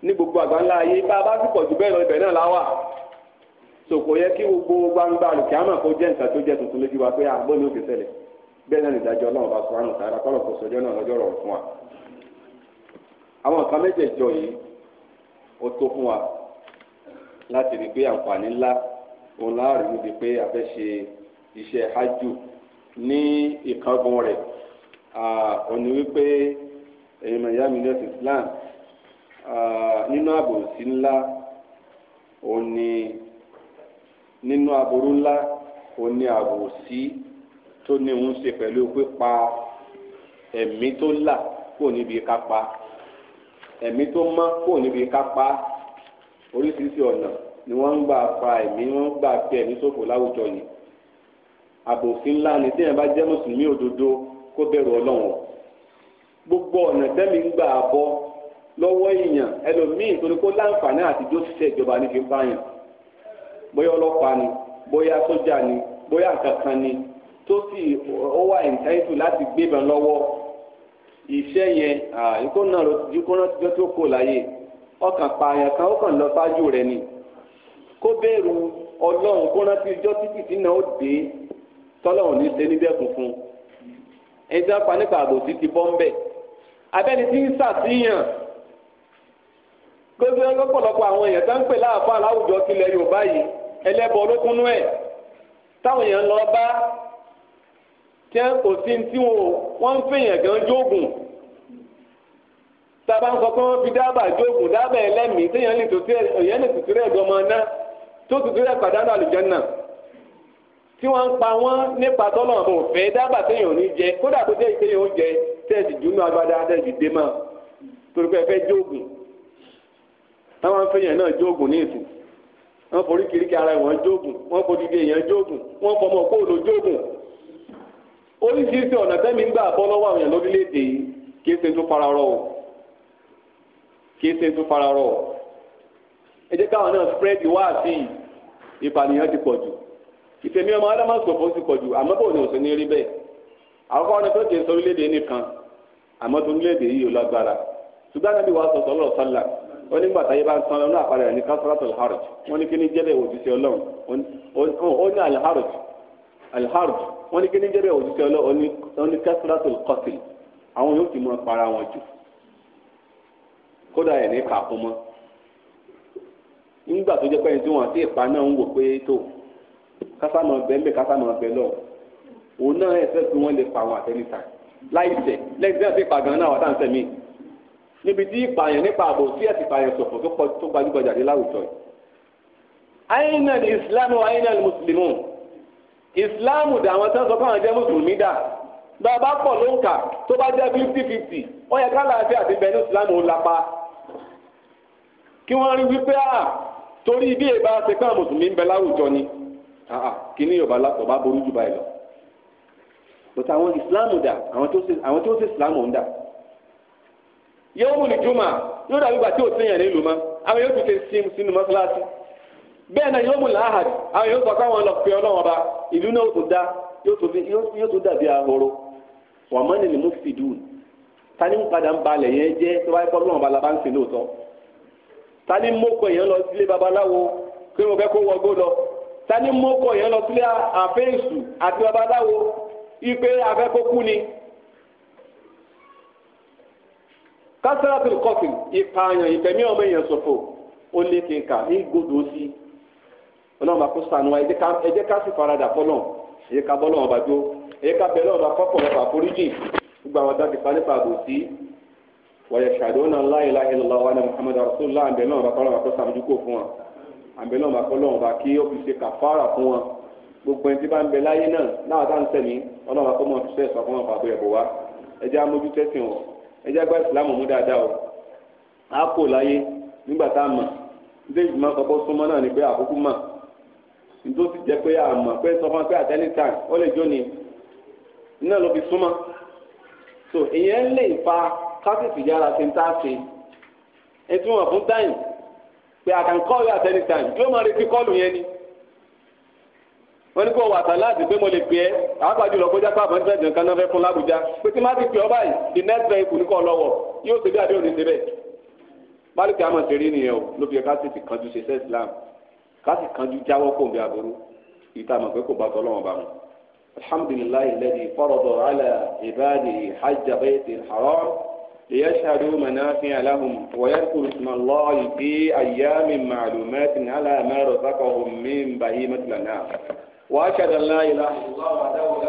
ní gbogbo àgbáńlá ayé bá a bá sì pọ̀ jù bẹ́ẹ̀ lọ ibẹ̀ náà láwà sòkò yẹ kí gbogbo gbangba àlùkí máa kó jẹ́ nǹkan tó jẹ́ tuntun lójú wa pé ni ó fi bẹ́ẹ̀ náà nìdájọ́ ọlọ́run bá àrùn tààrà kọ́lọ̀ kó sọjọ́ náà lọ́jọ́ òun láàrin níbi pé a fẹ́ ṣe iṣẹ́ hajj ní ìkángun rẹ̀ òní wípé èyí mọ̀ yámi ní ọ̀sìn Islam nínú àbòsí ńlá òní nínú aburú ńlá òní àbòsí tó ní òun ṣe pẹ̀lú pípa ẹ̀mí tó là kò níbi kápá ẹ̀mí tó mọ́ kò níbi kápá oríṣiríṣi ọ̀nà ni wọ́n ń gbà pa ẹ̀mí wọ́n ń gbà fi ẹ̀mí ṣòfò láwùjọ yìí àbòsí ńlá ni téèyàn bá jẹ́ mùsùlùmí òdodo kó bẹ̀rù ọlọ́run gbogbo ọ̀nà tẹ́mi ń gbà bọ́ lọ́wọ́ èèyàn ẹlòmíì torí kó láǹfààní àtijọ́ ṣiṣẹ́ ìjọba ní fi ń pààyàn bóyá ọlọ́pàá ni bóyá sójà ni bóyá kankan ni tó sì ó wà ìǹtẹ́ǹtù láti gbébọn lọ́wọ́ iṣẹ́ yẹn ìkóná ìkóná tíjọ́ tó kò láyè ọkàn pààyàn kan ó kàn lọ sáájú rẹ̀ ni kó bẹ̀rù ọlọ́run kó rántí ijọ́ títì tí náà ó dé tọ́lọ́run ní ṣe nídẹ́kun fún un ẹni tí wọ́n pa nípa àbòsí ti bọ́ ń bẹ̀ abẹ́ni tí ń ṣàtìyàn gbogbo ọlọ́pọ̀lọpọ̀ àwọn èèyàn tó ń pè láàfọ́ aláwùjọ tilẹ̀ Yorùbá yìí ẹlẹ́bọ olókùnú ẹ̀ táwọn èèyàn lọ bá tí kò sí tí wọ́n ń fèèyàn gan jóògùn tàbá ń sọ pé wọ́n fi dábàá jóògùn dábàá ẹlẹ́mìí téèyàn lè tó tẹ́ ẹ̀yẹ́ lè tó tẹ́ ẹ̀dọ́ ọmọ náà tó sì torí ẹ̀ pàdánù àlùjànnà tí wọ́n ń pa wọ́n nípa tọ́lọ̀ ọ̀hún fẹ́ dábàá téèyàn ní jẹ kódà tó jẹ́ ìpéyàn oúnjẹ tẹ́ẹ̀sì dúnú agbada tẹ́ẹ̀sì dé mọ́ torí pé ẹ fẹ́ jóògùn táwọn náà jóògùn ní ìsìn wọ́n forí kiriki ara ìwọ̀n jóògùn wọ́n èèyàn jóògùn wọ́n kóòlù jóògùn oríṣiríṣi ọ̀nà gbà bọ́ lọ́wọ́ àwọn èèyàn lórílẹ̀‐èdè yìí fara spread the word ìpànìyàn ti pọ̀ jù ìtẹ̀mí ọmọ adama sọ̀fọ̀ ti pọ̀ jù àmọ́ bò ní òsè ní rí bẹ́ẹ̀ àwọn ọ̀nà tó kìí sọ̀rọ̀ léde nìkan àmọ́ tó léde yìí ò lágbára ṣùgbọ́n àbí wàá sọ̀tọ̀ lọ́rọ̀ sálà wọ́n nígbà táyé bá ń san ọlọ́run àpárẹ̀ rẹ̀ ní kásáràtò alharj wọ́n ní kíní jẹ́bẹ̀ òjíṣẹ́ ọlọ́run ó ní alharj alharj jẹ́bẹ̀ òjíṣẹ́ ọlọ́run ó ní kásáràtò nígbà tó jẹ́ pẹ́yìn tí wọ́n àti ìpa náà ń wò pé tó kásámọ̀ bẹ́ẹ̀ kásámọ̀ bẹ́ẹ̀ lọ òun náà ẹ̀sẹ̀ tí wọ́n lè pa àwọn àtẹnìta láìsẹ̀ lẹ́yìn tí wọ́n ti pa gan-an náà wọ́n tà ń sẹ́mi níbi tí ìpààyàn nípa ààbò tí ẹ̀sìn ìpààyàn sọ̀fọ̀ tó pọ̀ tó gbajúgbajà dé láwùjọ yìí. àyínà ní ìsìlámù àyínà ní mùsùlùmù ìsìlámù dà àwọn tó ń jẹ́ mùsùlùmí dà bá pọ̀ ló ń kà tó bá jẹ́ fifty fifty ó yẹ ká láàfin àti bẹ́ẹ̀ ní ìsìlámù ó lapa kí wọ́n rí wípé àà ah, torí bí èèbá ṣe pé àmùsùnmí ń bẹ láwùjọ ni kíní yorùbá lápò bá ború jù báyìí lọ bùtà àwọn ìsìláàmù dà àwọn tó ṣe ìsìláàmù ń dà yóò mú ní jùmọ̀ yóò dàbí gbà tí ò sèyàn nílùú mọ́ àwọn yóò tún ṣe sim sínú mọ́ṣáláṣí bẹ́ẹ̀ náà yóò mú làhàdì àwọn yóò sọ pé àwọn lọ pe ọlọ́wọ́n ba ìlú náà tó dá yóò tó dàbí ahoro wàmọ́ni ni mo fi dùn ta ni ń padà ń balẹ̀ yẹn jẹ́ tó bá kọ́ ba la bá ń tani mokọ yẹn lọ sílé babaláwo pé mo fẹ́ kó wọgbó lọ tani mokọ yẹn lọ sílé àfẹ́sù àti babaláwo ipe afẹ́kókú ni. kásáràtì kọfìn ìpààyàn ìfẹ̀mí ọmọ èèyàn ṣòfò ó lé kínkà ní gbọdọ̀ sí ọlọ́run àkó sànù wa ẹ jẹ́ ká sì faradà fọlọ́ ẹ jẹ́ ká bọ́ lọ́wọ́ bá dó ká bẹ lọ́wọ́ bá fọ́pọ̀ lọ́wọ́ gbogbo àwọn dábìpá nípa àbòsí ويشهدون أن لا إله إلا الله وأن محمد رسول الله àbẹ̀ náà bá kọ́lọ́mù àkọ́sọ́ àmójúkò fún wọn àbẹ̀ náà bá kọ́lọ́mù bá kí ó fi ṣe kàfàrà fún wọn gbogbo ẹni tí bá ń bẹ láyé náà náà tá à ń sẹ̀mí ọlọ́run akọ́mọ fi ṣe ẹ̀sọ́ fún wọn pàtó ẹ̀bùn wa ẹjẹ́ amójú tẹ́sìn wọn ẹjẹ́ gba ìsìlámù mú dáadáa o á kò láyé nígbà tá a mọ̀ nítorí ìgbìmọ̀ kọ́kọ́ súnmọ́ náà ni pé àkókò mọ̀ nítorí ti jẹ́ pé a mọ̀ pé sọ fún wa pé at any time ó lè jóni náà ló fi súnmọ́ so ìyẹn lè kásìtì yára ṣe ń tá a ṣe ètò wọn fún táyì pé I can call you at any time yóò máa retí kọ́ọ̀lù yẹn ni wọ́n ní kó wà tán láti pé mo lè pè é àgbàjù lọ kó jápá àbọ̀ntẹ́ ìdàn kan náà fẹ́ fún l'Àbújá pé tí má ti pè ọ́ báyìí the next day kù ní kọ́ lọ́wọ́ yóò ṣe bí adé òní síbẹ̀ málùkì àmọ̀ ṣe rí nìyẹn o ló fi ká sì ti kanjú ṣe sẹ́ Islam ká sì kanjú jáwọ́ kó bí aburú ìta mọ̀ pé ليشهدوا منافع لهم ويذكروا اسم الله في أيام معلومات على ما رزقهم من بهيمة الأنعام وأشهد أن لا إله إلا الله وحده